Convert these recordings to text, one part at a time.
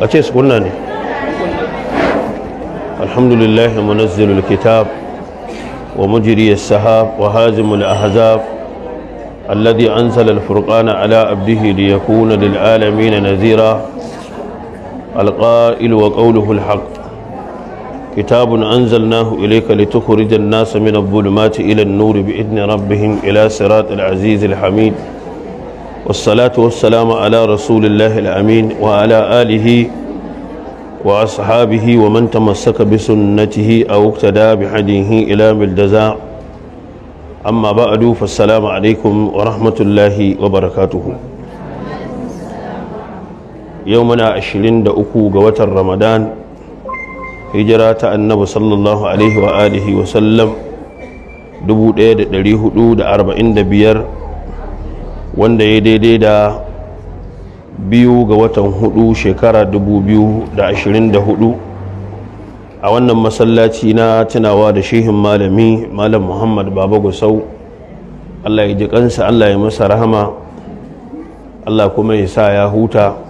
kace sunna ne alhamdulillah munazzil alkitab wa mujri as-sahab wa hazim al-ahzab alladhi anzala al-furqana ala abdihi liyakuna lil alamin nazira al-qa'il wa qawluhu al كتاب أنزلناه إليك لتخرج الناس من الظلمات إلى النور بإذن ربهم إلى صراط العزيز الحميد والصلاة والسلام على رسول الله الأمين وعلى آله وأصحابه ومن تمسك بسنته أو اقتدى بحديه إلى بالجزاء أما بعد فالسلام عليكم ورحمة الله وبركاته يومنا عشرين دقوق وتر رمضان hijira ta annabi sallallahu alaihi wa alihi wa sallam 1445 wanda ya daidai da biyu ga watan hudu shekara 2024 a wannan masallaci na tunawa da shehin malami malam muhammad baba gusau allah ya ji kansa allah ya masa rahama allah kuma ya sa ya huta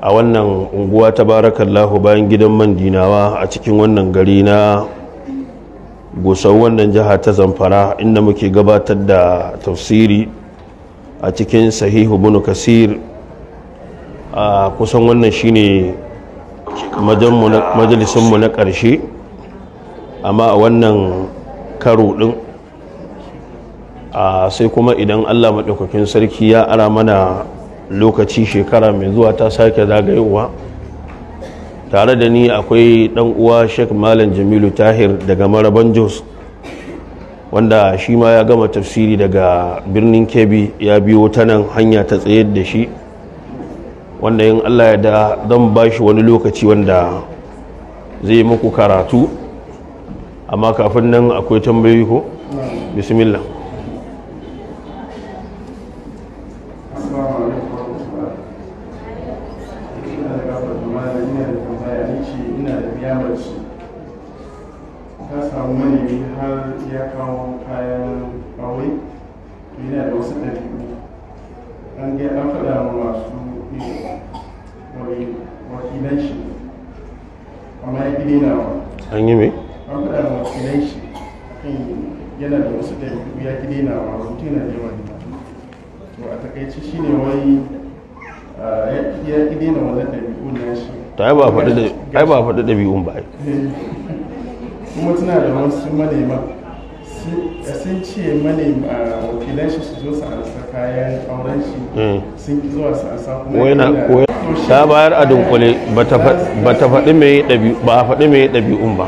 a wannan unguwa ta barakallahu bayan gidan man dinawa a cikin wannan gari na gusau wannan jiha ta zamfara inda muke gabatar da tafsiri a cikin sahihu bunu kasir a kusan wannan shine majalisunmu na ƙarshe amma a wannan karo ɗin sai kuma idan allah maɗaukakin sarki ya ara mana lokaci shekara mai zuwa ta sake zagayowa tare da ni akwai dan uwa Sheikh Malam Jamilu Tahir daga Maraban Jos wanda shi ma ya gama tafsiri daga birnin kebi ya biyo ta nan hanya ta tsayar da shi wanda yin Allah ya da ba shi wani lokaci wanda zai muku karatu amma kafin nan akwai tambayi ko bismillah ai ba faɗi faɗi ɗabi'un ba eh, kuma tana da wasu manema eh, sun ce manema ah, wakilan shi su zo su ansa kayan auren shi hmm. sun ki zuwa su ansa kuma yana ta bayar a dunkule ba ta faɗi mai ɗabi'un ba faɗi mai ɗabi'un ba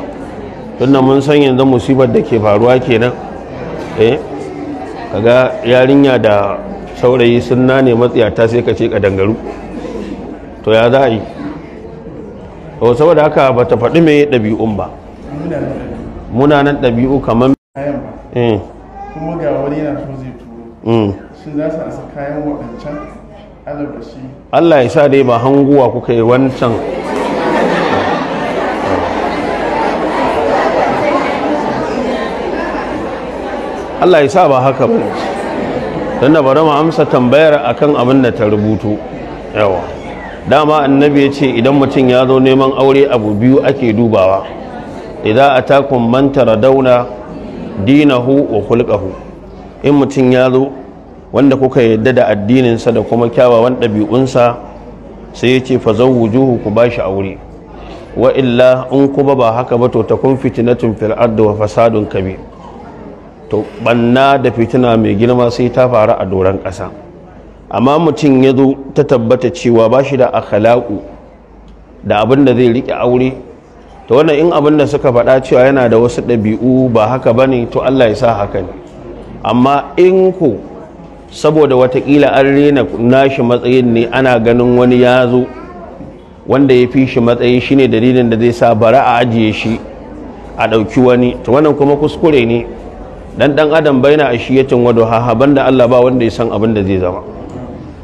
tun mun san yanzu musibar da ke faruwa kenan eh kaga yarinya da saurayi sun nane matsiyata sai ka ce ka dangaru to ya za a yi to saboda haka ba ta faɗi mai ɗabi'un ba munanan ɗabi'u kamar eh. kuma ga wani yana so zai turo mm. shi za su asa kayan waɗancan alabashi Allah ya sa dai ba hanguwa kuka yi wancan Allah ya sa ba haka ba don da bari mu amsa tambayar akan abin da ta rubutu yawa dama annabi ya ce idan mutum ya zo neman aure abu biyu ake dubawa idan a takun mantara dauna dinahu wa kulkahu in mutum ya zo wanda kuka yadda da addininsa da kuma kyawawan ɗabi'unsa sai ya ce fa zan wujuhu ku ba shi aure wa illa in kuma ba haka ba to kun fitinatun fil da wa fasadun kabi to banna da fitina mai girma sai ta faru a doron ƙasa amma mutum ya zo ta tabbata cewa ba shi da akhlaqu da abin da zai riƙe aure to wannan in abin da suka faɗa cewa yana da wasu ɗabi'u ba haka ba ne to Allah ya sa haka ne amma in ku saboda watakila an rena nashi matsayin ne ana ganin wani ya zo wanda ya fi shi matsayi shine dalilin da zai sa bara a ajiye shi a ɗauki wani to wannan kuma kuskure ne dan dan adam baina ashiyatin wadu duhaha banda Allah ba wanda ya san abin da zai zama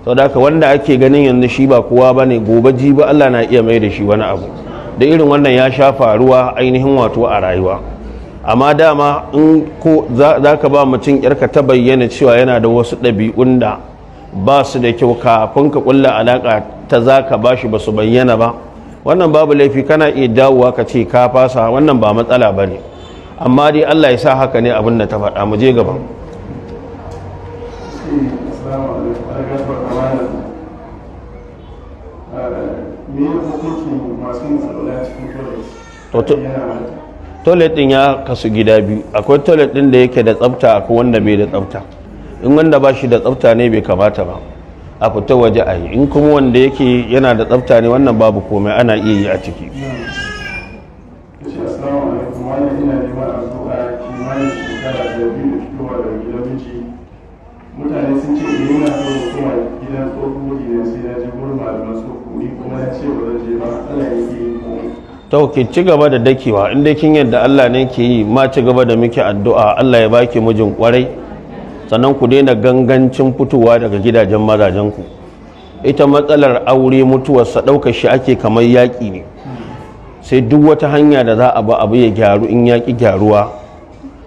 saboda haka wanda ake ganin yanzu shi ba kowa bane gobe ji ba Allah na iya mai da shi wani abu da irin wannan ya sha faruwa ainihin wato a rayuwa amma dama in ko za ka ba mutum yarka ta bayyana cewa yana da wasu ɗabi'un da ba su da kyau kafin ka ƙulla alaka ta za ka ba shi ba su bayyana ba wannan babu laifi kana iya dawowa ka ce ka fasa wannan ba matsala ba ne amma dai allah ya sa haka ne abin da ta faɗa mu je gaban toilet din ya kasu gida biyu akwai toilet din da yake da tsafta akwai wanda bai da tsafta in wanda ba shi da tsafta ne bai kamata ba a fita waje a yi in kuma wanda yake yana da tsafta ne wannan babu komai ana iya yi a ciki mutane sun ce yana so kuma gidan tsohuwa ne sai na je gurin malaman tsohuwa kuma na ce ba zan je ba Allah ya yi komai ta ki ci gaba da dakewa in dai kin yadda Allah ne ke yi ma ci gaba da muke addu'a Allah ya baki mijin kwarai sannan ku daina gangancin fitowa daga gidajen mazajen ku ita matsalar aure mutuwarsa ɗaukar shi ake kamar yaƙi ne sai duk wata hanya da za a ba abu ya gyaru in yaƙi gyaruwa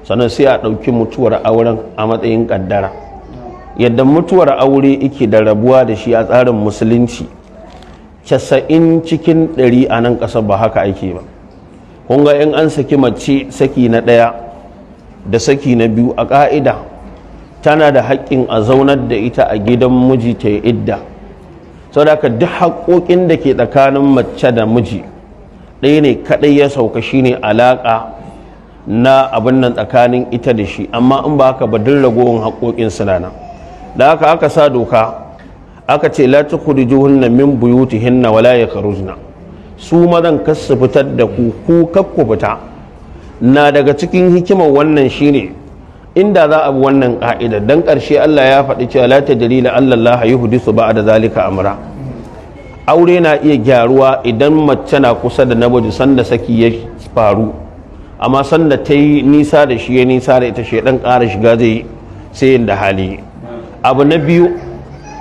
sannan sai a ɗauki mutuwar auren a matsayin ƙaddara yadda mutuwar aure ike da rabuwa da shi a tsarin musulunci casa'in cikin ɗari a nan ƙasar ba haka ake ba kunga in an saki mace saki na ɗaya da saki na biyu a ƙa'ida tana da haƙƙin a zaunar da ita a gidan miji ta yi idda sau da duk haƙoƙin da ke tsakanin mace da miji ɗaya ne kaɗai ya sauka shi ne alaƙa na abin nan tsakanin ita da shi amma in ba haka ba duk ragowar haƙoƙin suna nan da haka aka sa doka aka ce la hunna min hinna wala yakhrujna su mazan kasu fitar da ku ku kakku fita na daga cikin hikimar wannan shine inda za a bi wannan ka'ida dan karshe Allah ya faɗi cewa la Allah la ba a da zalika amra aure na iya gyaruwa idan mace na kusa da namiji sanda saki ya faru amma sanda ta yi nisa da shi ya nisa da ita dan kara shiga zai sai da hali abu na biyu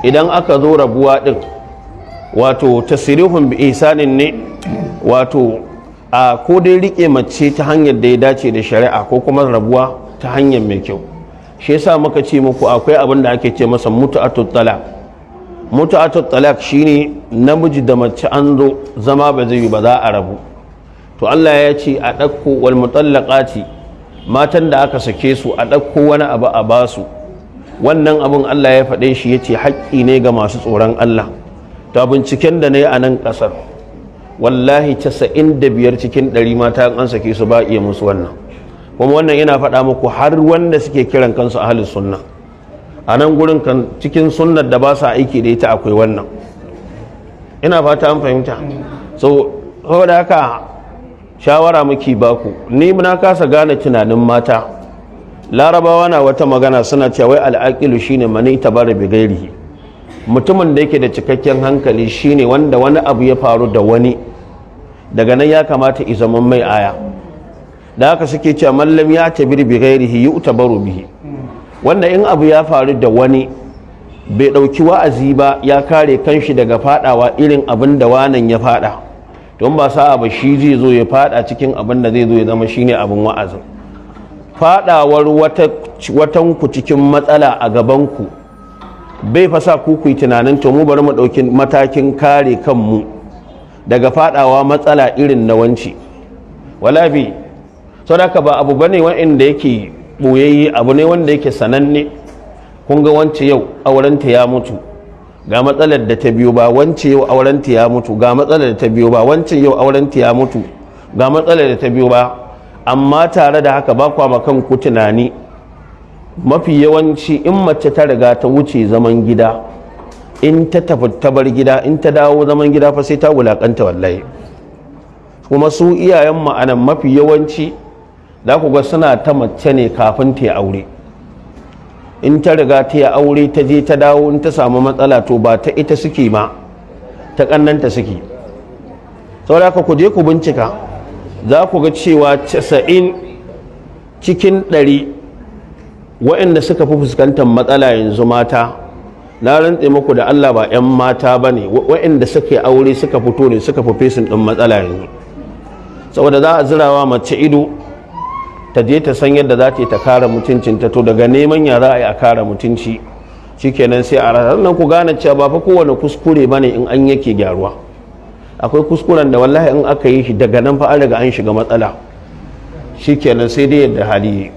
idan aka zo rabuwa din wato tasirihun isanin ne wato a ko dai rike mace ta hanyar da ya dace da shari'a ko kuma rabuwa ta hanyar mai kyau shi yasa muka ce muku akwai abin da ake ce masa Mutu a mutu'atut shi shine namiji da mace an zo zama ba zai yi ba za a rabu to Allah ya ce a ɗauko wal mutallaqati matan da aka sake su a ɗauko wani abu a basu wannan abin Allah ya faɗe shi ya ce haƙƙi ne ga masu tsoron Allah ta binciken da na yi a nan ƙasar wallahi casa'in da biyar cikin ɗari mata an sake su ba iya musu wannan kuma wannan yana faɗa muku har wanda suke kiran kansu ahalin sunna a nan gurin kan cikin sunnar da ba sa aiki da ita akwai wannan ina fata an fahimta so saboda haka shawara muke baku ni na kasa gane tunanin mata larabawa na wata magana suna cewa wai al'aqilu shine mani tabar bi gairihi mutumin da yake da cikakken hankali shine wanda wani abu ya faru da wani daga nan ya kamata i zaman mai aya da haka suke cewa mallam ya tabir bi gairihi yu'tabaru bihi wanda in abu ya faru da wani bai ɗauki wa'azi ba ya kare kanshi daga fadawa irin abin da wanan ya fada don ba sa'a ba shi zai zo ya fada cikin abin da zai zo ya zama shine abin wa'azi. fadawar watanku ku cikin matsala a gaban ku bai fasa ku ku tunanin to mu bari mu dauki matakin kare kanmu daga fadawa matsala irin na wanci walabi saboda ba abu bane wanda yake boyayye abu ne wanda yake sananne kun ga wance yau aurenta ya mutu ga matsalar da ta biyo ba wance yau aurenta ya mutu ga matsalar da ta biyo ba wance yau aurenta ya mutu ga matsalar da ta biyo ba amma tare da haka ba kwa ku tunani mafi yawanci in mace ta riga ta wuce zaman gida in ta tafi tabar gida in ta dawo zaman gida fa sai ta wulakanta wallahi kuma su iyayen ma'anan mafi yawanci za ku ga suna ta mace ne kafin ta aure in ta riga ta yi aure ta je ta dawo in ta samu matsala to ba ta ita suke ma ta kannanta suke saboda ku je ku bincika za ku ga cewa casa'in cikin ɗari waɗanda suka fi fuskantar matsala yanzu mata na rantse muku da Allah ba 'yan mata ba ne waɗanda suka aure suka fito ne suka fi fesin ɗin matsala yanzu saboda za a zirawa mace ido ta je ta san yadda za ta yi ta kara mutuncin ta to daga neman ya za a yi a kara mutunci shikenan sai a rasa nan ku gane cewa ba fa kowane kuskure ba ne in an yake gyaruwa akwai kuskuren da wallahi in aka yi shi daga nan fa an an shiga matsala shikenan sai dai yadda hali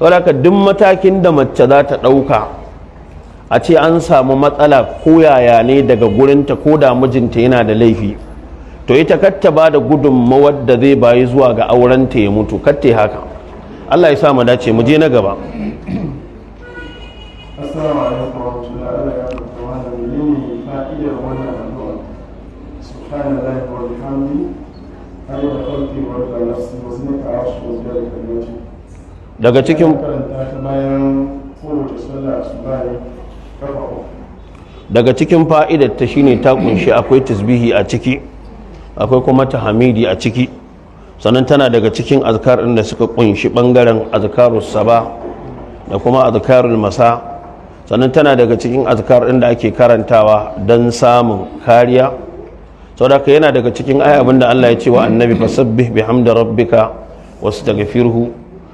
wadaka duk matakin da mace za ta ɗauka a ce an samu matsala ko yaya ne daga gurinta ko da mijinta yana da laifi to ita katta ba da gudunmawar da zai bayi zuwa ga aurenta ya mutu katta haka Allah ya sa mu dace mu je na gaba daga cikin daga cikin fa'idar ta shine ta kunshi akwai tasbihi a ciki akwai kuma tahmidi a ciki sannan tana daga cikin azkar da suka kunshi bangaren azkarus saba da kuma azkarul masa sannan tana daga cikin azkar da ake karantawa don samun kariya saboda yana daga cikin ayyabin da Allah ya ce wa annabi fasabbih bihamdi rabbika wastaghfirhu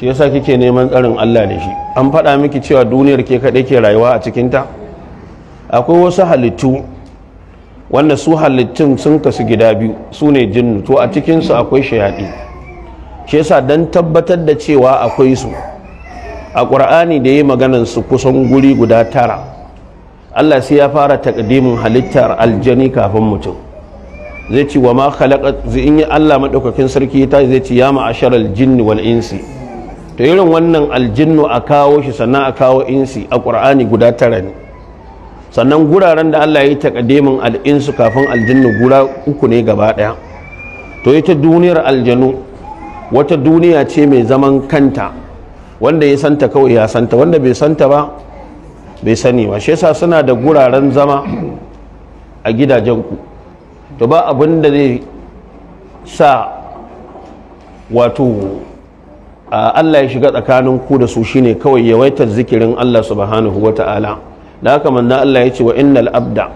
shi yasa kike neman tsarin Allah da shi an faɗa miki cewa duniyar ke kaɗai ke rayuwa a cikinta akwai wasu halittu wanda su halittun sun kasu gida biyu su ne jinnu to a cikinsu akwai shayaɗi shi yasa don tabbatar da cewa akwai su a ƙur'ani da ya yi maganan su kusan guri guda tara Allah sai ya fara takdimin halittar aljani kafin mutum zai ce wa ma khalaqa in yi Allah madaukakin sarki ta zai ce ya ma asharal jinni wal insi to irin wannan aljinnu a kawo shi sannan a kawo insi a ƙur'ani guda tara ne sannan guraren da Allah ya yi takademin al'insu kafin aljinnu gura uku ne gaba ɗaya to ita duniyar aljanu wata duniya ce mai zaman kanta wanda ya santa kawai ya santa wanda bai santa ba bai sani ba shi yasa suna da guraren zama a gidajen ku to ba abin da zai sa wato Allah ya shiga tsakanin ku da su shine kawai yawaitar zikirin Allah subhanahu wa ta'ala. da haka manna Allah ya ce wa innal abda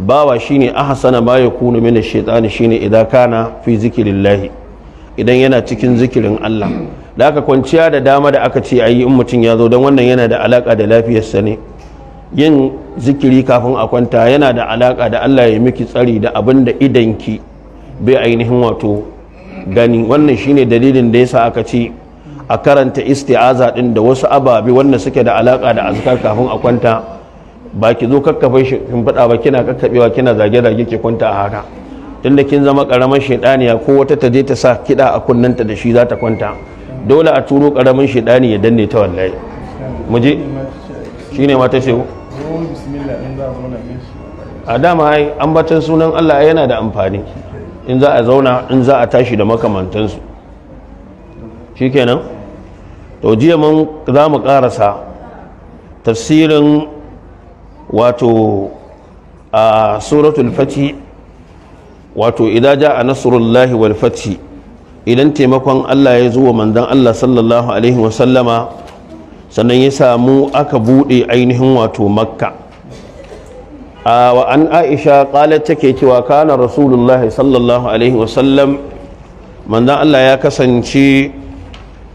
bawa shine ahsana ma yakunu min ash-shaytani shine idan kana fi zikrillah idan yana cikin zikirin Allah da haka kwanciya da dama da aka ce ayi in mutum ya zo don wannan yana da alaka da lafiyarsa ne yin zikiri kafin a kwanta yana da alaka da Allah ya miki tsari da abin da idanki bai ainihin wato gani wannan shine dalilin da yasa aka ce a karanta isti'aza din da wasu ababi wanda suke da alaka da azkar kafin a kwanta ba ki zo kakkafe shi kin fada ba kina kakkabewa kina zage zage ki kwanta a haka tunda kin zama karamar shedaniya ko wata ta je ta sa kida a kunnanta da shi za ta kwanta dole a turo karamin shedani ya danne ta wallahi mu je shine ma ta shehu a dama ai ambatan sunan Allah yana da amfani in za a zauna in za a tashi da makamantansu shikenan to jiya mun za mu ƙarasa tafsirin wato a suratul fati wato idan ja a nasarullahi wal fati idan taimakon Allah ya zuwa manzon Allah sallallahu alaihi wasallama sannan ya samu aka buɗe ainihin wato makka a wa an aisha qalat take cewa kana rasulullahi sallallahu alaihi wasallam manzon Allah ya kasance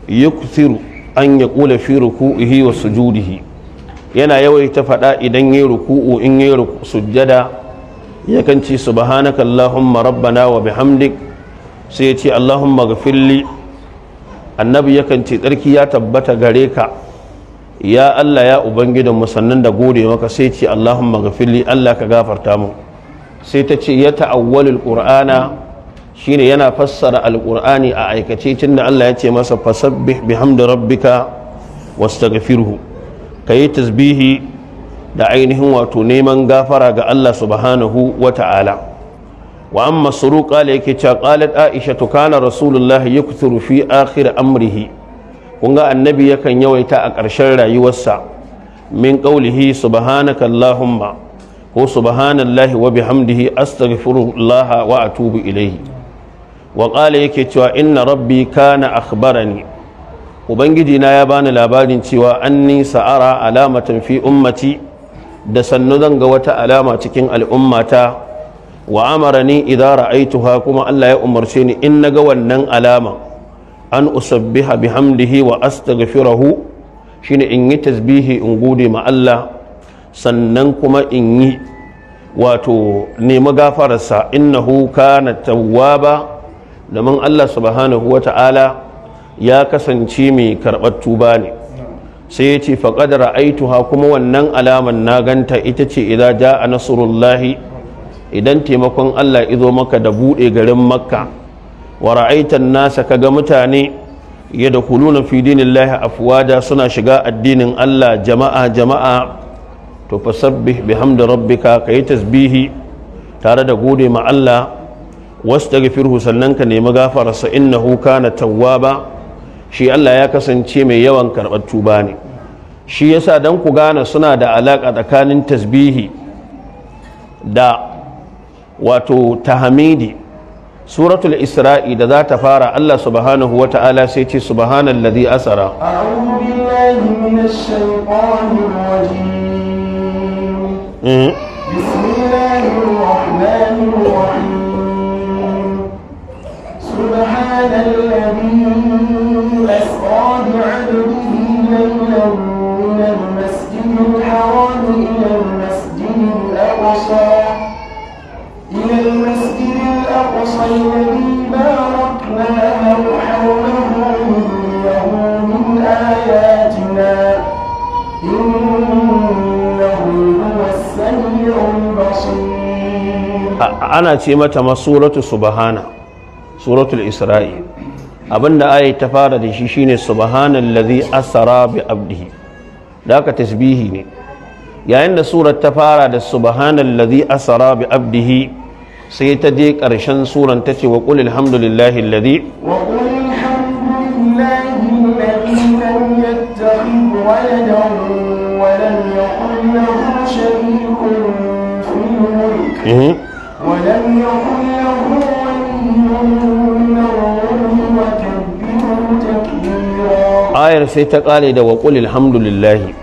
yukthiru an ya kula fi ruku'ihi wa sujudihi yana yawaita faɗa idan yayi ruku'u in yayi sujjada yakan ce subhanaka allahumma rabbana wa bihamdik sai ya ce allahumma ghafirli annabi yakan ce tsarki ya tabbata gare ka ya Allah ya ubangidan mu sannan da gode maka sai ce allahumma ghafirli Allah ka gafarta mu sai ta ce ya ta'awwalul qur'ana shine yana fassara Alƙur'ani a aikace tunda Allah ya ce masa fasabbih bihamdi rabbika wastaghfirhu kayi tasbihi da ainihin wato neman gafara ga Allah subhanahu wata'ala wa amma suru qala yake cewa qalat aisha to kana rasulullahi yakthuru fi akhir amrihi kun ga annabi yakan yawaita a ƙarshen rayuwarsa min qaulihi subhanaka allahumma ko subhanallahi wa bihamdihi astaghfirullah wa atubu ilayhi waƙala yake cewa inna rabbi kana akhbarani ubangiji na ya bani labarin cewa anni sa'ara alamatan fi ummaci da sannu zan ga wata alama cikin al'ummata wa'amarani amarani idza ra'aituha kuma Allah ya umarci ni in ga wannan alama an usabbiha bihamdihi wa astaghfiruhu shine in yi tasbihi in gude ma Allah sannan kuma in yi wato nemi gafararsa innahu kana tawwaba domin Allah subhanahu wa ta'ala ya kasance mai karɓar tuba ne sai ya ce faƙad ra'aituha kuma wannan alaman na ganta ita ce ja a nasrullahi idan taimakon Allah izo maka da buɗe garin makka wa ra'aitan nasa kaga mutane yadkhuluna fi dinillahi afwaja suna shiga addinin Allah jama'a jama'a to fasabbih bihamdi rabbika kayi tasbihi tare da gode ma Allah wastaghfirhu sannan ka nemi gafararsa innahu kana tawwaba shi Allah ya kasance mai yawan karɓar tuba ne shi yasa dan ku gane suna da alaƙa tsakanin tasbihi da wato tahmidi suratul isra'i da za ta fara Allah subhanahu wa ta'ala sai ce subhanal ladhi asara a'udhu billahi minash shaitanir rajim bismillahir سبحان الذي أسقى بعبده ليلا من المسجد الحرام إلى المسجد الأقصى إلى المسجد الأقصى الذي باركنا حوله إنه من آياتنا إنه هو السميع البصير أنا تيمة مصورة سبحانه سورة الإسراء أبن آية تفارة الشيشين سبحان الذي أسرى بأبده داك تسبيهين يعني سورة تفارة سبحان الذي أسرى بأبده سيتديك أرشان سورة تتي وقل الحمد لله الذي وقل الحمد لله الذي لم يتخذ ولدا ولم يقل له شريك في الملك ولم يقل له ayar sai ta kare da waƙul alhamdulillahi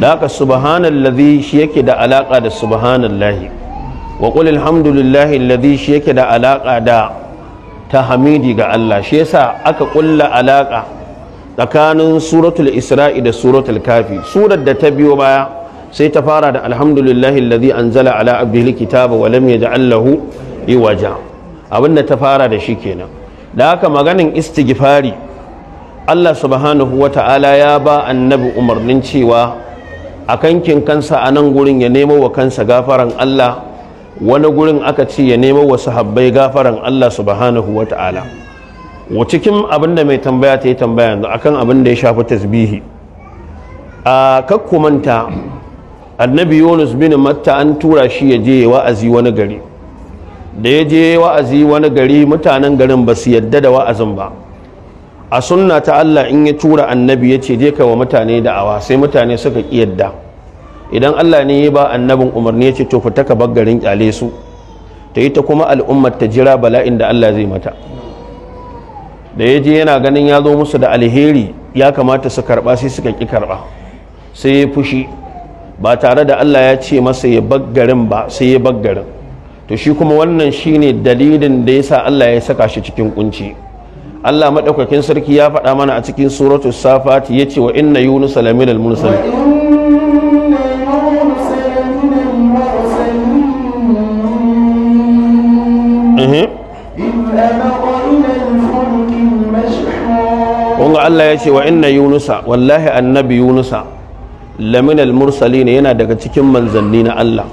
da haka subhanallazi shi yake da alaƙa da subhanallahi waƙul alhamdulillahi allazi shi yake da alaƙa da ta hamidi ga Allah shi yasa aka ƙulla alaƙa tsakanin suratul isra'i da suratul kafi surar da ta biyo baya sai ta fara da alhamdulillahi lazi anzala ala abdihi kitaba wa lam yaj'al lahu iwaja Abinda ta fara da shi kenan da haka maganin istighfari Allah subhanahu wata'ala ya ba annabi umarnin cewa a kankin kansa a nan gurin ya nemo wa kansa gafaran Allah wani gurin aka ce ya nemo wa sahabbai gafaran Allah subhanahu wata'ala wa cikin abinda mai tambaya ta yi tambaya yanzu akan abin ya shafi tasbihi a kakkumanta annabi Yunus bin Matta an tura shi ya je wa'azi wani gari da ya je wa'azi wani gari mutanen garin ba su yadda da wa'azin ba a sunna ta Allah in ya tura annabi ya ce je ka wa mutane da'awa sai mutane suka ki yadda idan Allah ne ya ba annabin umarni ya ce to fita ka baggarin garin kyale su ta yi ta kuma al'ummar ta jira bala'in da Allah zai mata da ya je yana ganin ya zo musu da alheri ya kamata su karba sai suka ki karba sai ya fushi ba tare da Allah ya ce masa ya bar garin ba sai ya bar garin to shi kuma wannan shine dalilin da ya sa Allah ya saka shi cikin kunci Allah madaukakin sarki ya faɗa mana a cikin suratu safat yace wa inna yunus al mursal Wanga Allah ya ce wa inna yunusa mhm. wallahi annabi yunusa laminal mursalin yana daga cikin manzanni na Allah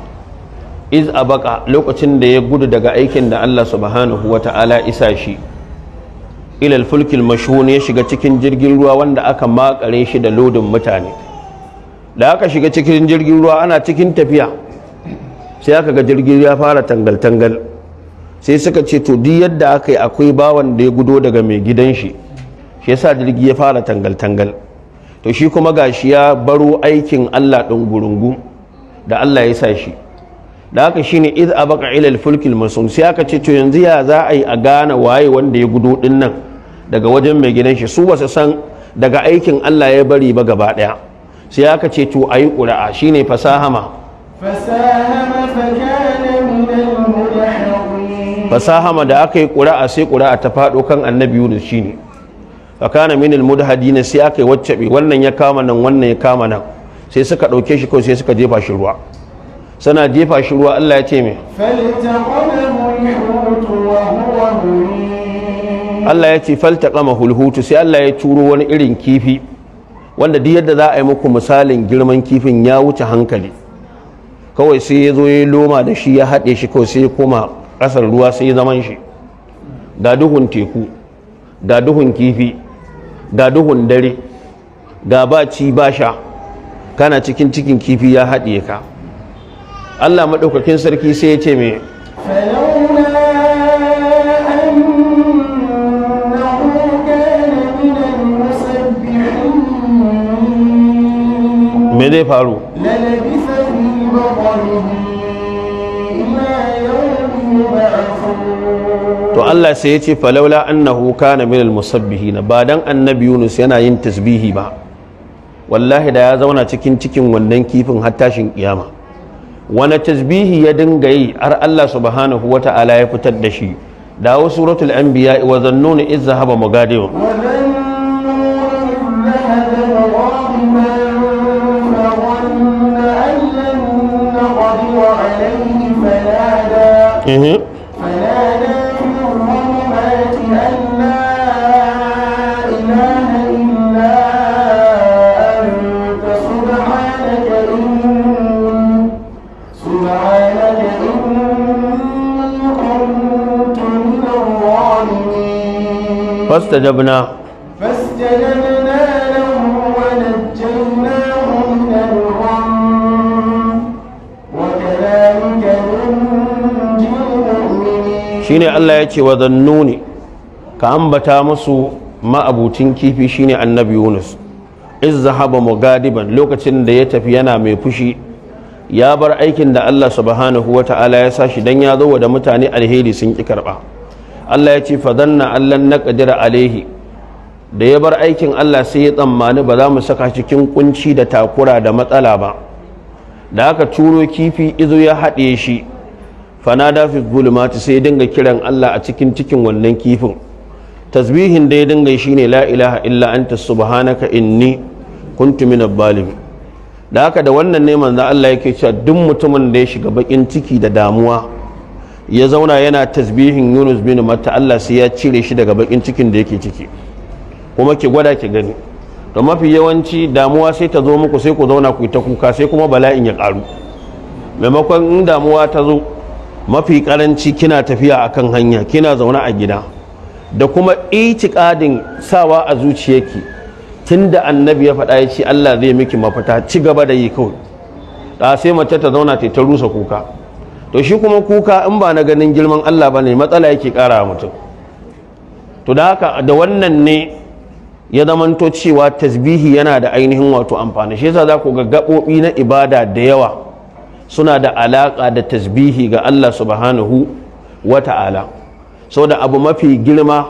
iz abaka lokacin da ya gudu daga aikin da Allah subhanahu wa ta'ala isa shi ilal fulkil mashhun ya shiga cikin jirgin ruwa wanda aka makare shi da lodin mutane da aka shiga cikin jirgin ruwa ana cikin tafiya sai aka ga jirgin ya fara tangal tangal sai suka ce to duk yadda aka yi akwai bawan da ya gudo daga mai gidan shi shi yasa jirgi ya fara tangal tangal to shi kuma gashi ya baro aikin Allah ɗin gurungu da Allah ya sa shi da haka shine iz abaka ila fulkil masum sai aka ce to yanzu ya za a yi a gane waye wanda ya gudu din nan daga wajen mai gidan shi su basu san daga aikin Allah ya bari ba gaba daya sai aka ce to ayi qura'a shine fasahama fasahama fasahama da aka yi qura'a sai qura'a ta fado kan annabi Yunus shine fa kana min almudahhirin sai aka yi wacce wannan ya kama nan wannan ya kama nan sai suka dauke shi ko sai suka jefa shi ruwa sana jefa shi ruwa Allah ya ce mai Allah ya ce faltaqama hulhutu sai Allah ya turo wani irin kifi wanda duk yadda za a yi muku misalin girman kifin ya wuce hankali kawai sai ya zo ya loma da shi ya haɗe shi kawai sai ya koma ƙasar ruwa sai ya zaman shi ga duhun teku ga duhun kifi ga duhun dare ga ba ci ba sha kana cikin cikin kifi ya haɗe ka Allah maɗaukakin sarki sai ya ce mai me zai faru to Allah sai ya ce falaula annahu kana minal na ba dan annabi Yunus yana yin tasbihi ba wallahi da ya zauna cikin cikin wannan kifin har tashin kiyama wani tasbihi ya dinga yi har Allah subhanahu wa ta'ala ya fitar da shi dawo suratul anbiya wa zannuna iz zahaba mugadiyun Mm-hmm. فاستجبنا فاستجبنا Allah ya ce wa zannu ka ambata bata masu ma'abutin kifi shine annabi yunus in zaha ba lokacin da ya tafi yana mai fushi ya bar aikin da Allah subhanahu wa ta'ala ya sa shi don ya zo wa da mutane alheri sun ƙi karɓa Allah ya ce fadanna allan na ƙadira alaihi da ya bar aikin Allah sai ya tsammani ba za mu saka cikin kunci da takura da matsala ba da aka turo kifi izo ya haɗe shi fanada fi gulmati sai ya dinga kiran Allah a cikin cikin wannan kifin tasbihin da ya dinga shine la ilaha illa anta subhanaka inni kuntu minadh zalimin da haka da wannan neman za Allah yake cewa duk mutumin da ya shiga bakin ciki da damuwa ya zauna yana tasbihin yunus bin matta allah sai ya cire shi daga bakin cikin da yake ciki kuma ki gwada ki gani da mafi yawanci damuwa sai ta zo muku sai ku zauna ku ta kuka sai kuma bala'in ya karu maimakon in damuwa ta zo mafi karanci kina tafiya akan hanya kina zauna a gida da kuma itikadin sawa a zuciyarki tunda annabi ya faɗa ya ce Allah zai miki mafita ci gaba da yi kawai da sai mace ta zauna ta rusa kuka to shi kuma kuka in ba na ganin girman Allah ba ne matsala yake kara mutum to da haka da wannan ne ya zamanto cewa tasbihi yana da ainihin wato amfani shi yasa za ku ga gaɓoɓi na ibada da yawa suna da alaƙa da tasbihi ga Allah subhanahu wa ta'ala da abu mafi girma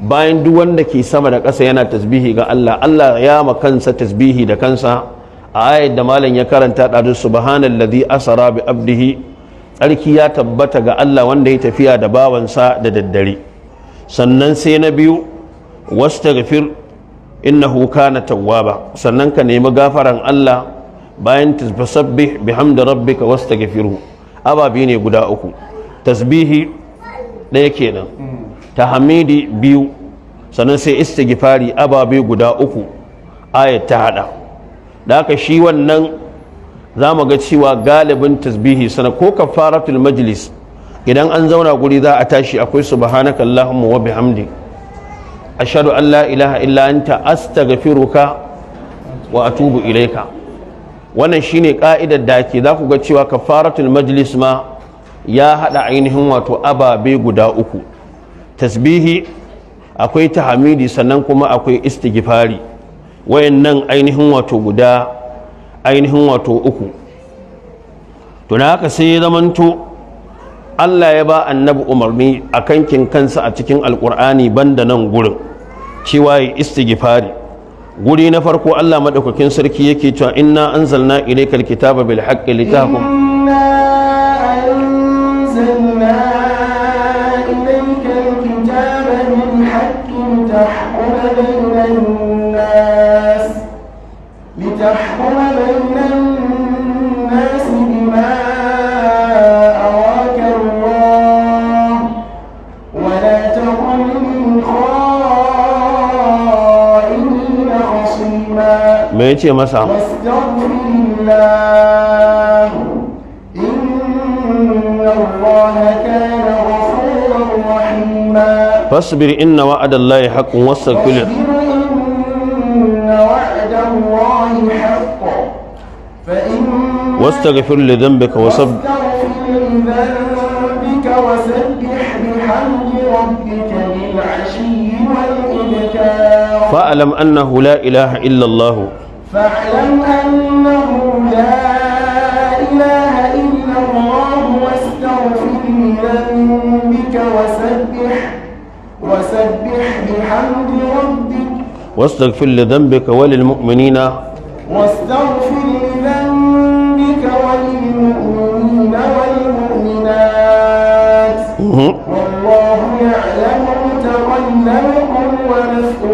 bayan duk wanda ke sama da ƙasa yana tasbihi ga Allah Allah ya ma kansa tasbihi da kansa a ayat da malam ya karanta ɗazu subhanallazi asara bi abdihi tsarki ya tabbata ga Allah wanda ya tafiya da bawansa da daddare sannan sai na biyu wasu wastaghfir innahu kana tawwaba sannan ka nemi gafaran Allah bayan tasbih wasu rabbika wastaghfiru ababi ne guda uku tasbihi ɗaya kenan tahmidi biyu sannan sai istighfari ababe guda uku ayat ta hada da haka shi wannan za mu ga cewa galibin tasbihi sana ko kafaratul majlis idan an zauna guri za a tashi akwai subhanaka allahumma wa bihamdi ashhadu an la ilaha illa anta astaghfiruka wa atubu ilaika wannan shine ka'idar da ake za ku ga cewa kafaratul majlis ma ya hada ainihin wato ababe guda uku tasbihi akwai tahmidi sannan kuma akwai istighfari wayannan ainihin wato guda ainihin wato uku to haka sai ya zamanto Allah ya ba annabi umarni a kankin kansa a cikin alkur'ani da nan gurin cewa ya istighfari guri na farko Allah maɗaukakin sarki yake cewa inna anzalna ilaykal kitaba bil haqqi litahkum بين الناس بما أراك الله ولا تكن من خائنين خصيما ما يتي مسا واستغفر الله إن الله كان غفورا رحيما فاصبر إن وعد الله حق واستغفر واستغفر لذنبك وسبح فاعلم انه لا اله الا الله فاعلم انه لا اله الا الله واستغفر لذنبك وسبح وسبح بحمد ربك واستغفر لذنبك وللمؤمنين واستغفر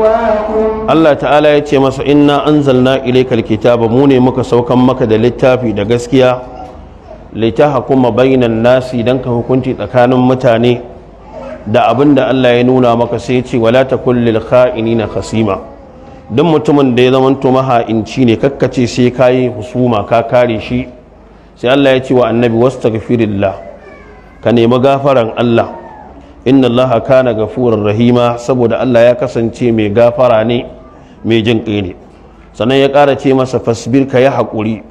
Allah ta'ala ya ce masa inna anzalna ilaykal kitaba mu ne muka saukan maka da littafi da gaskiya litahkuma bainan nasi dan ka hukunci tsakanin mutane da abin da Allah ya nuna maka sai ya ce wala takul lil kha'inina khasima duk mutumin da ya zamanto maha'inci ne kakkace sai kayi husuma ka kare shi sai Allah ya ce wa annabi wasu wastaghfirillah ka nemi gafaran Allah inna allaha kana gafurar rahima saboda allah ya kasance mai gafara ne mai jin ne sannan ya ƙara ce masa fasbir ka ya haƙuri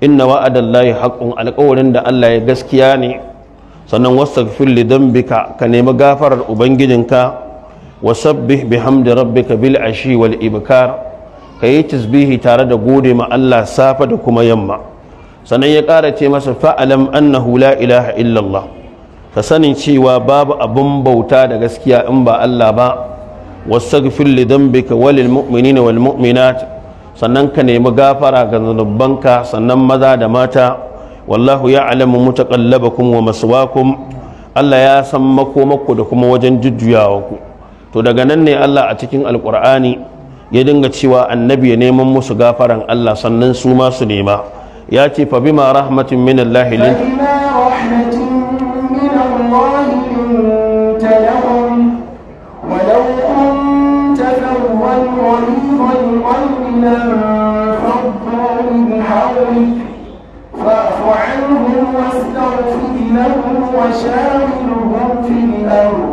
inna wa'adallahi haƙun alƙawarin da allah ya gaskiya ne sannan wastaghfir li bika ka nemi gafarar ubangijinka wasabbih bihamdi rabbika bil ashi wal ibkar kayi tasbihi tare da gode ma Allah safa da kuma yamma sannan ya ƙara ce masa fa'alam annahu la ilaha illallah ta sanin cewa babu abin bauta da gaskiya in ba Allah ba wastaghfir li dhanbika walil mu'minina wal mu'minat sannan ka nemi gafara ga zanubanka sannan maza da mata wallahu ya ya'lamu mutaqallabakum wa maswakum Allah ya san makomakku da kuma wajen jujjuyawa ku to daga nan ne Allah a cikin alqur'ani ya dinga cewa annabi ya neman musu gafaran Allah sannan su ma su nema ya ce fa bima rahmatin minallahi lin من حولك فاعف عنهم واستغفر لهم في الأمر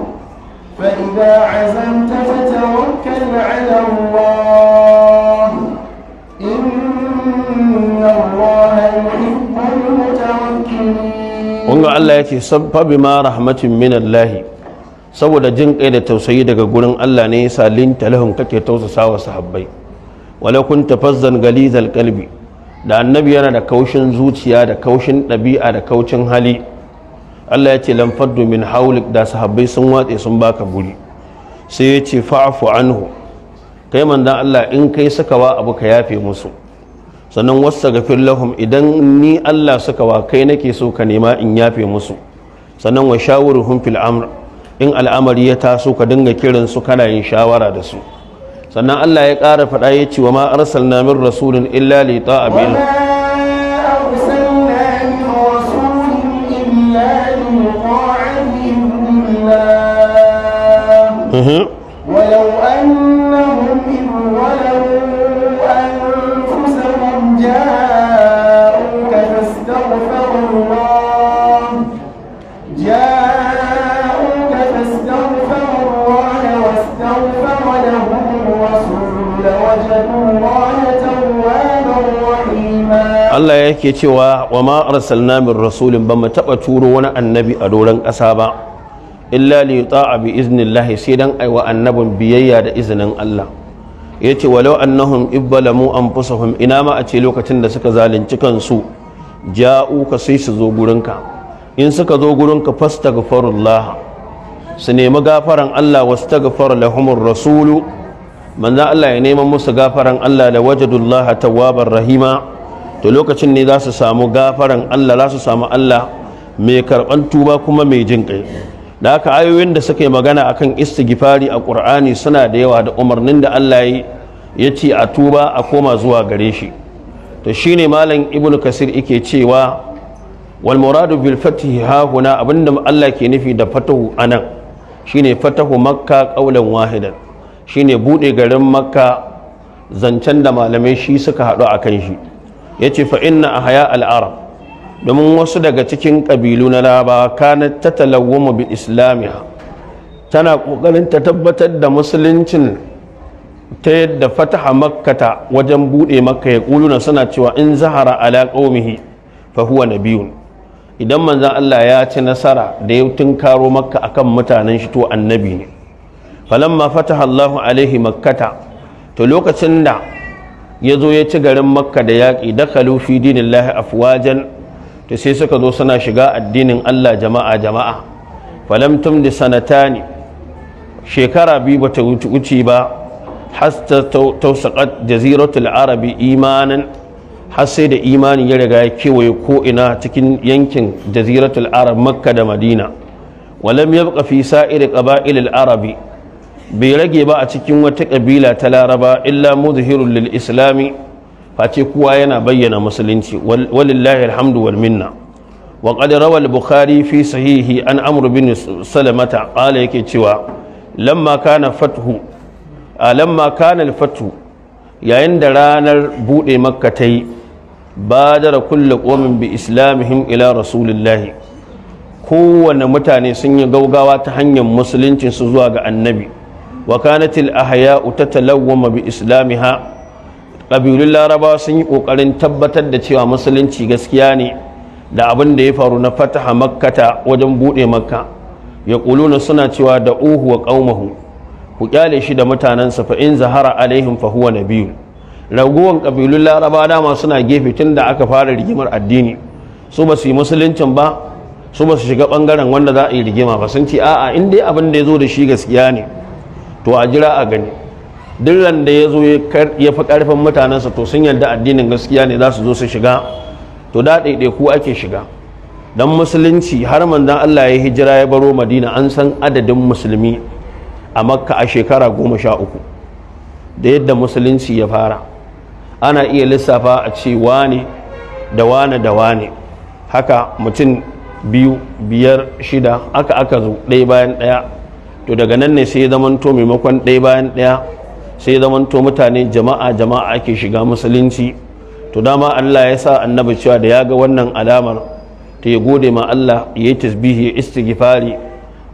فإذا عزمت فتوكل على الله إن الله يحب المتوكلين بما رحمة من الله سوى jin kai da tausayi الله gurin Allah ne yasa linta lahum walakun tafazzan galizal kalbi da annabi yana da kaushin zuciya da kaushin ɗabi'a da kaucin hali Allah ya ce lamfaddu min haulik da sahabbai sun watse sun baka guri sai ya ce fa'afu anhu kai manzan Allah in kai sakawa abu ka yafe musu sannan wasu gafin lahum idan ni Allah sakawa kai nake so ka nema in yafe musu sannan wa shawaruhum fil amr in al'amari ya taso ka dinga kiran su kana yin shawara da su sannan Allah ya ƙara faɗa ya ce wa ma arsalna namin rasulin illa li ta'a Mm-hmm. Allah yake cewa wa ma arsalna min rasulin ba mu taba turo wani annabi a doron ƙasa ba illa li yuta'a bi iznillahi sai dan aiwa annabin biyayya da izinin Allah yace walau annahum ibbalamu anfusahum ina ma a ce lokacin da suka zalunci kansu ja'uka sai su zo gurinka in suka zo gurinka fastaghfirullah su nemi gafaran Allah wastaghfar lahumur rasulu manzo Allah ya neman musu gafaran Allah da wajadullah tawwabar rahima to lokacin ne za su samu gafaran Allah za su samu Allah mai karɓan tuba kuma mai jin ƙai da haka ayoyin da suka yi magana akan istighfari a ƙur'ani suna da yawa da umarnin da Allah ya ce a tuba a koma zuwa gare shi to shine malam ibnu kasir yake cewa wal muradu bil ha huna abinda Allah ke nufi da fatahu anan shine fatahu makka qaulan wahidan shine bude garin makka zancen da malamai shi suka haɗu a kan shi ce fa inna a haya arab domin wasu daga cikin kabilu na laba kana tatalawwamu bi islamiyya tana ƙoƙarin ta tabbatar da musuluncin ta yadda fataha makkata wajen bude makka ya kuluna suna cewa in zahara ala qaumihi fa huwa nabiyun idan manzan Allah ya ci nasara da ya tunkaro makka akan mutanen shi to annabi ne falamma fataha Allahu alaihi makkata to lokacin da ya zo ya ci garin makka da yaƙi dakalu fi dinillahi afwajan to sai suka zo suna shiga addinin Allah jama'a jama'a da tumdi sanatani shekara biyu bata wuce ba hasta tausakat jaziratul arabi imanan har sai da imani ya riga ya kewaye ko ina cikin yankin jaziratul arab makka da madina walam yabqa fi sa'iri qaba'il arabi bai rage ba a cikin wata ƙabila ta laraba illa muzhirun lil islami face kowa yana bayyana musulunci walillahi alhamdu wal minna wa qad rawa al bukhari fi sahihi an amr bin salamata qala yake cewa lamma kana fathu lamma kana al fathu yayin da ranar bude makka tai badara kullu qawmin bi islamihim ila rasulillahi kowane mutane sun yi gaugawa ta hanyar musuluncin su zuwa ga annabi وكانت الأحياء تتلوم بإسلامها قبيل الله sun yi ƙoƙarin tabbatar da cewa musulunci gaskiya ne da abin da ya faru na fataha makkata wajen bude makka ya yaquluna suna cewa da uhu wa qaumahu ku kyale shi da mutanansa fa in zahara alaihim fa huwa nabiyyu raguwan kabilun laraba dama suna gefe tun da aka fara rigimar addini su ba su yi musuluncin ba su ba su shiga bangaren wanda za a yi rigima ba sun ce a'a in dai abin da ya zo da shi gaskiya ne to a jira a gani dillan da ya zo ya fi karfin mutanensa to sun yarda addinin gaskiya ne za su zo su shiga to da ku ake shiga don musulunci har manzan Allah ya hijira ya baro madina an san adadin musulmi a makka a shekara goma sha uku da yadda musulunci ya fara ana iya lissafa a ce wane da wane da wane haka mutum biyu biyar shida aka aka zo ɗaya bayan ɗaya to daga nan ne sai zamanto maimakon ɗaya bayan ɗaya sai zamanto mutane jama'a jama'a ke shiga musulunci to dama Allah ya sa annabi cewa da ya ga wannan alamar ta ya gode ma Allah ya yi tasbihi ya istighfari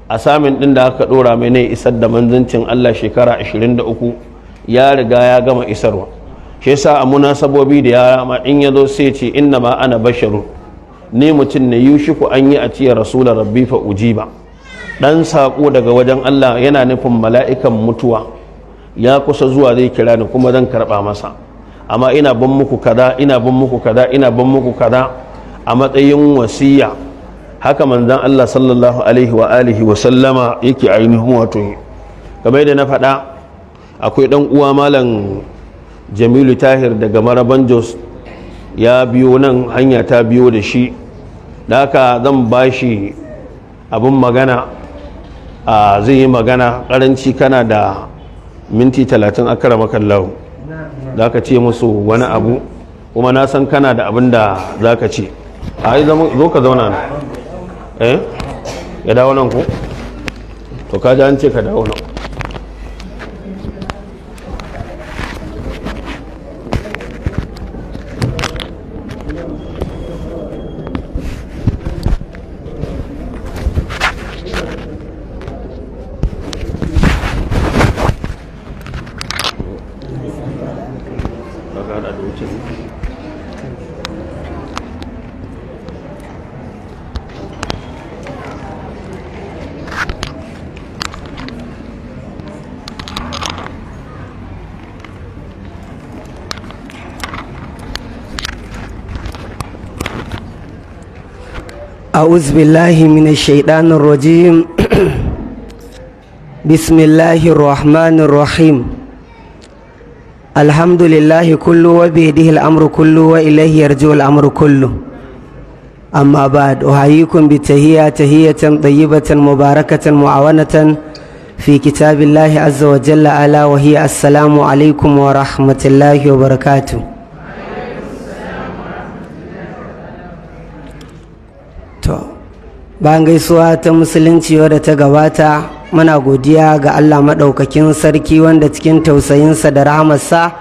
a samin ɗin da aka ɗora mai ne isar da manzancin Allah shekara 23 ya riga ya gama isarwa shi yasa a munasabobi da yara ma in ya zo sai ce inna ma ana basharu ne mutum ne yushiku an yi a ciyar rasulun rabbi fa ujiba ɗan sako daga wajen Allah yana nufin mala'ikan mutuwa ya kusa zuwa zai kira ni kuma zan karɓa masa amma ina bin muku kaza ina bin muku kaza ina bin muku kaza a matsayin wasiya haka manzon Allah sallallahu alaihi wa alihi wa sallama yake ainihin wato kamar da na faɗa akwai ɗan uwa malam Jamilu Tahir daga Maraban Jos ya biyo nan hanya ta biyo da shi daka haka zan bashi abin magana zai yi magana karanci kana da minti talatin a kara makallahu za ka ce musu wani abu kuma na san kana da abin da za ka ce a yi zo ka zauna na eh ya dawo nan to kaji an ce ka dawo nan أعوذ بالله من الشيطان الرجيم بسم الله الرحمن الرحيم الحمد لله كله وبيده الأمر كله وإليه يرجع الأمر كله أما بعد أحييكم بتهية تهية طيبة مباركة معاونة في كتاب الله عز وجل ألا وهي السلام عليكم ورحمة الله وبركاته bayan gaisuwa ta musulunci wadda ta gabata muna godiya ga allah maɗaukakin sarki wanda cikin tausayinsa da rahamarsa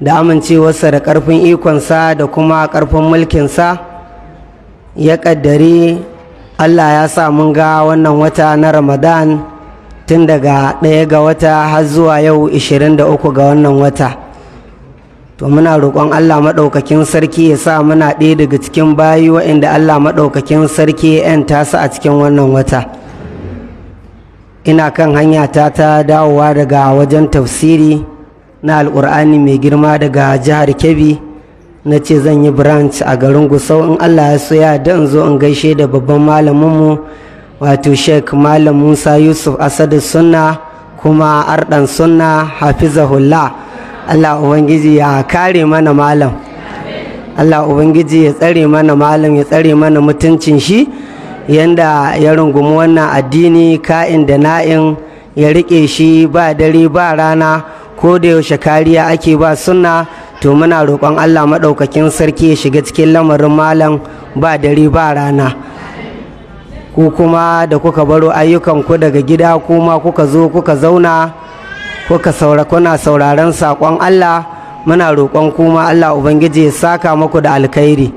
da amincewarsa da ƙarfin ikonsa da kuma ƙarfin mulkinsa ya ƙaddari allah ya sa mun ga wannan wata na ramadan tun daga ɗaya ga wata har zuwa yau 23 ga wannan wata to muna roƙon Allah maɗaukakin sarki ya sa muna ɗaya daga cikin bayi waɗanda Allah maɗaukakin sarki ya ‘yanta a cikin wannan wata ina kan hanya ta ta dawowa daga wajen tafsiri na alƙur'ani mai girma daga jihar kebbi na ce zan yi branch a garin gusau in Allah ya so ya da in zo in gaishe da babban malaminmu wato sheik malam musa yusuf asadu sunna kuma arɗan sunna hafizahullah Allah Ubangiji ya kare mana malam Allah Ubangiji ya tsare mana malam ya tsare mana mutuncin shi yanda ya rungumi wannan addini ka'in da na'in ya riƙe shi ba dare ba rana ko da yaushe kariya ake ba sunna to muna roƙon Allah maɗaukakin sarki ya shiga cikin lamarin malam ba dare ba rana ku kuma da kuka baro ayyukanku daga gida kuma kuka zo kuka zauna kuka saura kuna sauraron saƙon Allah muna roƙon kuma Allah Ubangiji ya saka muku da alkhairi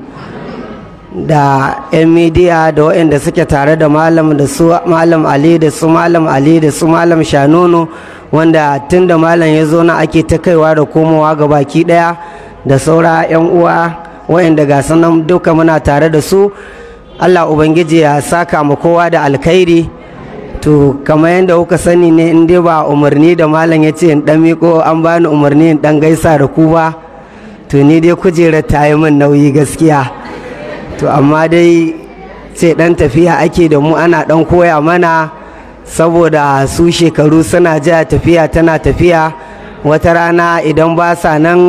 da 'yan midiya da waɗanda suke tare da malam da su malam Ali da su malam Ali da su malam Shanono wanda tun da malam ya zo na ake ta kaiwa da komowa ga baki ɗaya da saura 'yan uwa waɗanda ga sanan duka muna tare da su Allah Ubangiji ya saka mu kowa da alkhairi to kamar yadda kuka sani ne in dai ba umarni da malam ya ce in dan miko an bani umarni in dan gaisa da ku ba to ni dai kujerar ta yi min nauyi gaskiya to amma dai ce dan tafiya ake da mu ana dan koya mana saboda su shekaru suna ja tafiya tana tafiya wata rana idan ba sa nan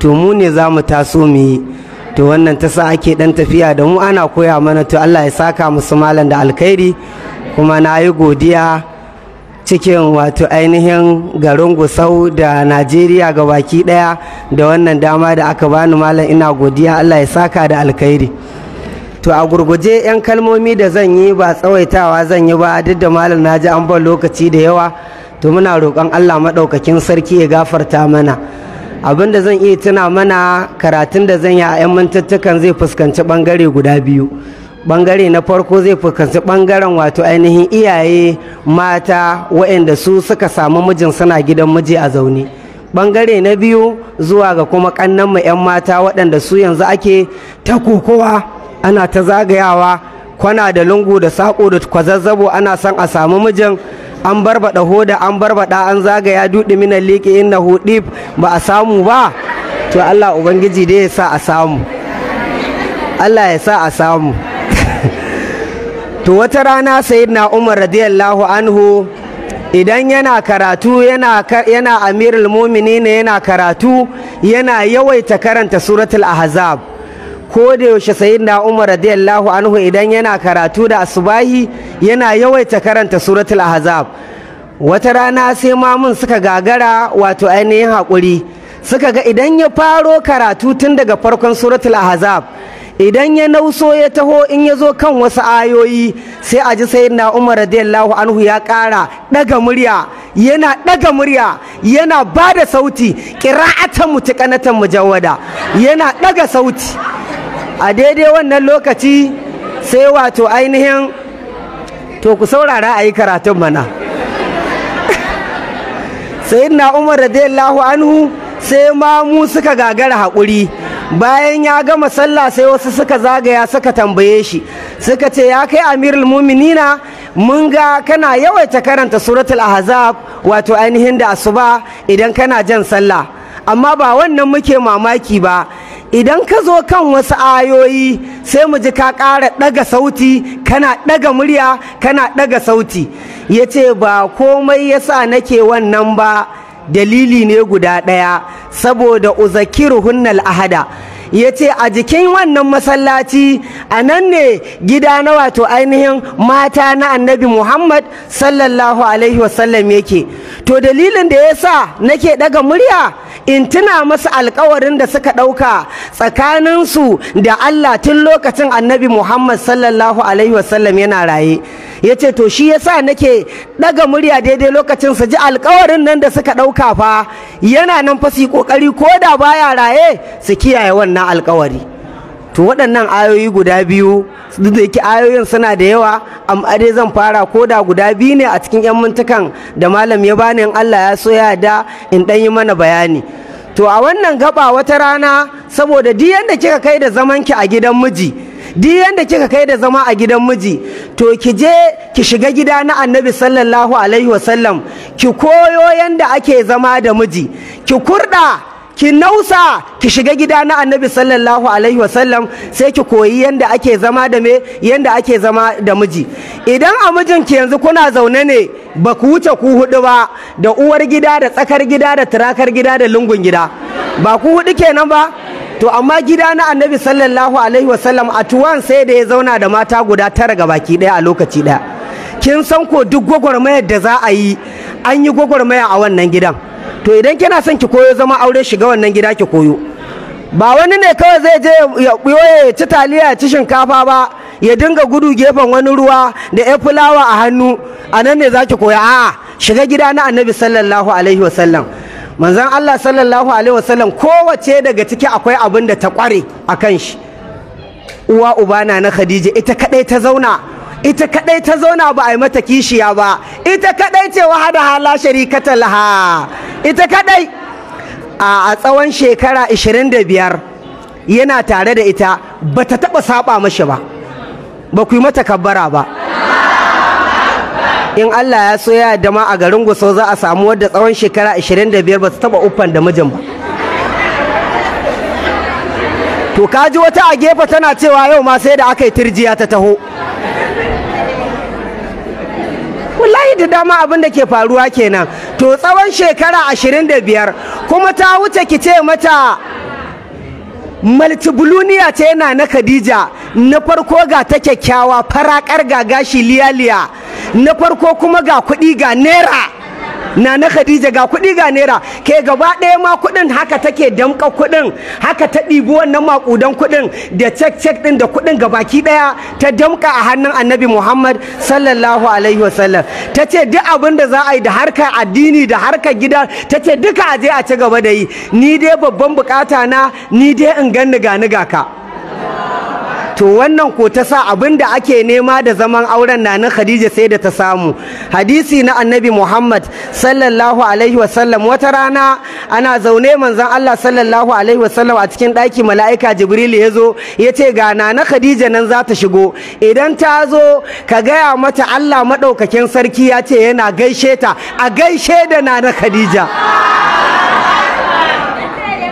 to mu ne za mu taso mu yi to wannan ta sa ake dan tafiya da mu ana koya mana to Allah ya saka musu malam da alkhairi kuma na yi godiya cikin wato ainihin garin gusau da najeriya ga baki daya da wannan dama da aka bani malam ina godiya allah ya saka da alkhairi to a gurguje 'yan kalmomi da zan yi ba tsawaitawa zan yi ba duk da malam na ji an ban lokaci da yawa to muna roƙon allah maɗaukakin sarki ya gafarta mana abin da zan iya tuna mana karatun da zan yi a 'yan mintattukan zai fuskanci ɓangare guda biyu bangare na farko zai fuskanci bangaren wato ainihin iyaye mata waɗanda su suka samu mijin suna gidan miji a zaune bangare na biyu zuwa ga kuma kannan mu 'yan mata waɗanda su yanzu ake ta kokowa ana ta zagayawa kwana da lungu da saƙo da kwazazzabo ana son a samu mijin an barbaɗa hoda an barbaɗa an zagaya duɗi mina liƙi inna hudif ba a samu ba to allah ubangiji dai ya sa a allah ya sa a samu to wata rana sayyidina umar radiyallahu anhu idan yana karatu yana amirul mumini ne yana karatu yana yawaita karanta suratul ahzab ko da yaushe sayyidina umar radiyallahu anhu idan yana karatu da asubahi yana yawaita karanta suratul ahzab wata rana sai mamun suka gagara wato ainihin haƙuri suka ga idan ya faro karatu tun daga farkon suratul ahzab idan ya nauso ya taho in ya zo kan wasu ayoyi sai a ji sai na Umar radiyallahu anhu ya ƙara ɗaga murya yana ɗaga murya yana ba da sauti ƙira'atan mutuƙanatan mujawada, yana ɗaga sauti a daidai wannan lokaci sai wato ainihin to ku saurara a yi karatun mana sayyidina Umar radiyallahu anhu sai ma mu suka gagara haƙuri bayan ya gama sallah sai wasu suka zagaya suka tambaye shi suka ce ya kai amirul muminina mun ga kana yawaita karanta suratul ahzab wato ainihin da asuba idan kana jan sallah amma ba wannan muke mamaki ba idan ka zo kan wasu ayoyi sai mu ji ka ƙara ɗaga sauti kana ɗaga murya kana ɗaga sauti ya ce ba komai yasa nake wannan ba dalili ne guda ɗaya saboda Uzakiru hunnal ahada ya ce a jikin wannan masallaci a nan ne gida na wato ainihin mata na annabi muhammad sallallahu alaihi wasallam yake to dalilin da ya sa nake daga murya in tuna masu alkawarin da suka ɗauka tsakaninsu da allah tun lokacin annabi muhammad sallallahu alaihi wasallam yana raye ya ce to shi yasa nake daga murya daidai lokacin su ji alkawarin nan da suka ɗauka fa yana nan fa su ƙoƙari ko da baya raye su kiyaye wannan alkawari to waɗannan ayoyi guda biyu duk da yake ayoyin suna da yawa amma dai zan fara ko da guda biyu ne a cikin 'yan mintukan da malam ya bani in Allah ya so ya da in ɗan yi mana bayani to a wannan gaba wata rana saboda duk yadda kika kai da zamanki a gidan miji duk yadda kika kai da zama a gidan miji to ki je ki shiga gida na annabi sallallahu alaihi wasallam ki koyo yadda ake zama da miji ki kurda ki nausa ki shiga gida na annabi sallallahu alaihi wasallam sai ki koyi yadda ake zama da me yanda ake zama da miji idan a mijinki yanzu kuna zaune ne ba ku wuce ku hudu ba da uwar gida da tsakar gida da turakar gida da lungun gida ba ku hudu kenan ba to amma gida na annabi sallallahu alaihi wasallam a tuwan sai da ya zauna da mata guda tara ga baki daya a lokaci daya kin san ko duk gwagwarmayar da za a yi an yi gwagwarmaya a wannan gidan to idan kina son ki koyo zama aure shiga wannan gida ki koyo ba wani ne kawai zai je ya ya ci taliya ya ci shinkafa ba ya dinga gudu gefen wani ruwa da ya fulawa a hannu a nan ne za ki koya a'a shiga gida na annabi sallallahu alaihi wasallam manzon Allah sallallahu alaihi wasallam kowace daga ciki akwai abin da ta kware a kan shi uwa ubana na Khadija ita kadai ta zauna ita kadai ta zauna ba a yi mata kishiya ba ita kadai ce wahada hala sharikata laha ita kadai a tsawon shekara 25 yana tare da ita bata taba saba mashi ba ba ku yi mata kabbara ba in Allah ya so ya yi dama a garin Gusau za a samu wadda tsawon shekara 25 ba su taba uffan da mijin ba to kaji wata a gefe tana cewa yau ma sai da aka yi turjiya ta taho wallahi da dama abin da ke faruwa kenan to tsawon shekara 25 kuma ta wuce ki ce mata multibuluniya ce yana na khadija na farko ga ta kyakkyawa farakar ga gashi liyaliya na farko kuma ga kuɗi ga nera. na na khadija ga kuɗi ga naira ke gaba ɗaya ma kudin haka take damka kudin haka ta ɗibi wannan makudan kudin da cek cek din da kuɗin gabaki ɗaya ta damka a hannun annabi muhammad sallallahu alaihi wasallam ta ce duk abin da za a yi da harkar addini da harkar gida ta ce duka a je a ci gaba da yi ni dai babban bukata na ni dai in gan niganiga ga ka to wannan ko ta sa abin da ake nema da zaman auren na nan Khadija sai da ta samu hadisi na annabi Muhammad sallallahu alaihi wasallam wata rana ana zaune manzon Allah sallallahu alaihi wasallam a cikin ɗaki mala'ika Jibril ya zo ya ce ga na Khadija nan za ta shigo idan ta zo ka gaya mata Allah maɗaukakin sarki ya ce yana gaishe ta a gaishe da nana Khadija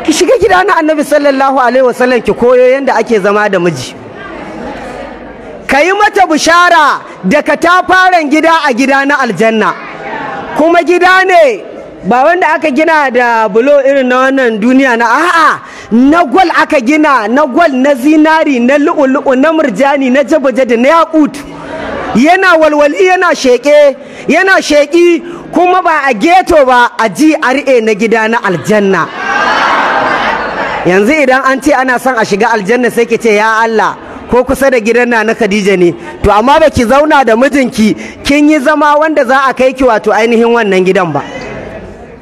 ki shiga gida na annabi sallallahu alaihi wasallam ki koyo yanda ake zama da miji ka yi mata bishara da katafaren gida a gida na aljanna kuma gida ne ba wanda aka gina da bulo irin na wannan duniya na a'a na gwal aka gina na gwal na zinari na lu'ulu'u na murjani na jabajada na yakut yana walwali yana sheƙe yana sheƙi kuma ba a geto ba a GRA na gida na aljanna yanzu idan an ce ana son a shiga aljanna sai ke ce ya Allah ko kusa da gidan na Khadija ne to amma baki zauna da mijinki kin yi zama wanda za a kai ki wato ainihin wannan gidan ba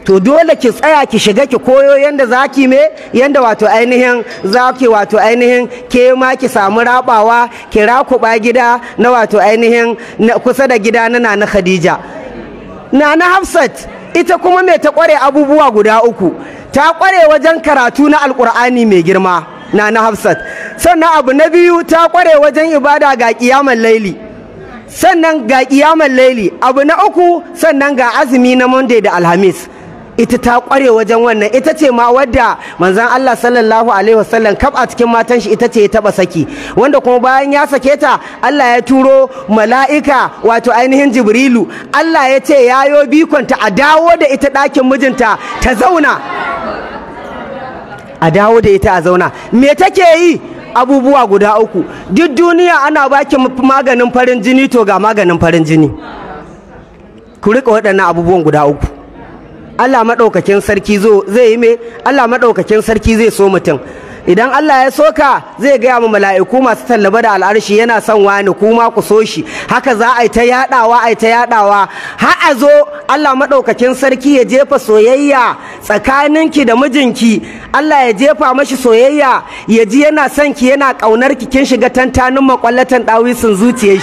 to dole ki tsaya ki shiga ki koyo yanda za ki me yanda wato ainihin za ki wato ainihin ke ma ki samu rabawa ki rakuba gida na wato ainihin kusa da gida na na Khadija Nana Hafsat ita kuma me ta kware abubuwa guda uku ta kware wajen karatu na Alkur'ani mai girma na na hafsat sannan abu na biyu ta kware wajen ibada ga kiyamar laili sannan ga kiyamar laili abu na uku sannan ga azumi na monday da alhamis ita ta kware wajen wannan ita ce ma wadda manzan Allah sallallahu alaihi wasallam kaf a cikin matan shi ita ce ya taba saki wanda kuma bayan ya sake ta Allah ya turo mala'ika wato ainihin Jibrilu Allah ya ce yayo bikonta a dawo da ita dakin mijinta ta zauna a dawo da ita a zauna me take yi abubuwa guda uku duk duniya ana baki maganin farin jini to ga maganin farin jini ku rika waɗannan abubuwan guda uku Allah maɗaukakin sarki zai yi me Allah maɗaukakin sarki zai so mutum idan Allah ya soka zai gaya wa mala'iku masu tallaba da al'arshi yana son wani kuma ku so shi haka za a yi ta yadawa a yi ta yadawa har a zo Allah madaukakin sarki ya jefa soyayya tsakaninki da mijinki Allah ya jefa mashi soyayya ya ji yana son ki yana kaunar ki kin shiga tantanin makwallatan sun zuciye shi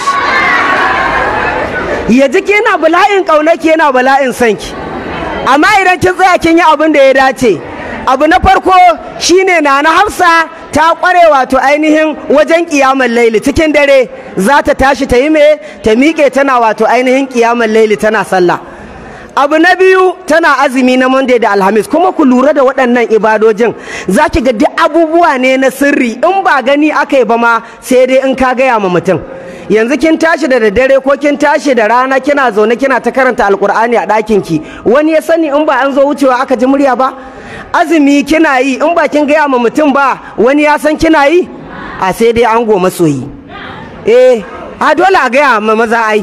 ya ji kina bala'in kaunar ki yana bala'in son ki amma idan kin tsaya kin yi abin da ya dace abu na farko shine na na hafsa ta kware wato ainihin wajen kiyamar laili cikin dare za ta tashi ta yi me ta miƙe tana wato ainihin kiyamar laili tana sallah abu na biyu tana azumi na monday da alhamis kuma ku lura da waɗannan ibadojin za ki ga duk abubuwa ne na sirri in ba gani aka yi ba ma sai dai in ka gaya ma mutum yanzu kin tashi da daddare ko kin tashi da rana kina zaune kina ta karanta alkur'ani a ɗakin ki wani ya sani in ba an zo wucewa aka ji murya ba azumi kina yi in ba gaya ma mutum ba wani ya san kina yi a sai dai an goma soyi eh a dole a gaya ma maza ai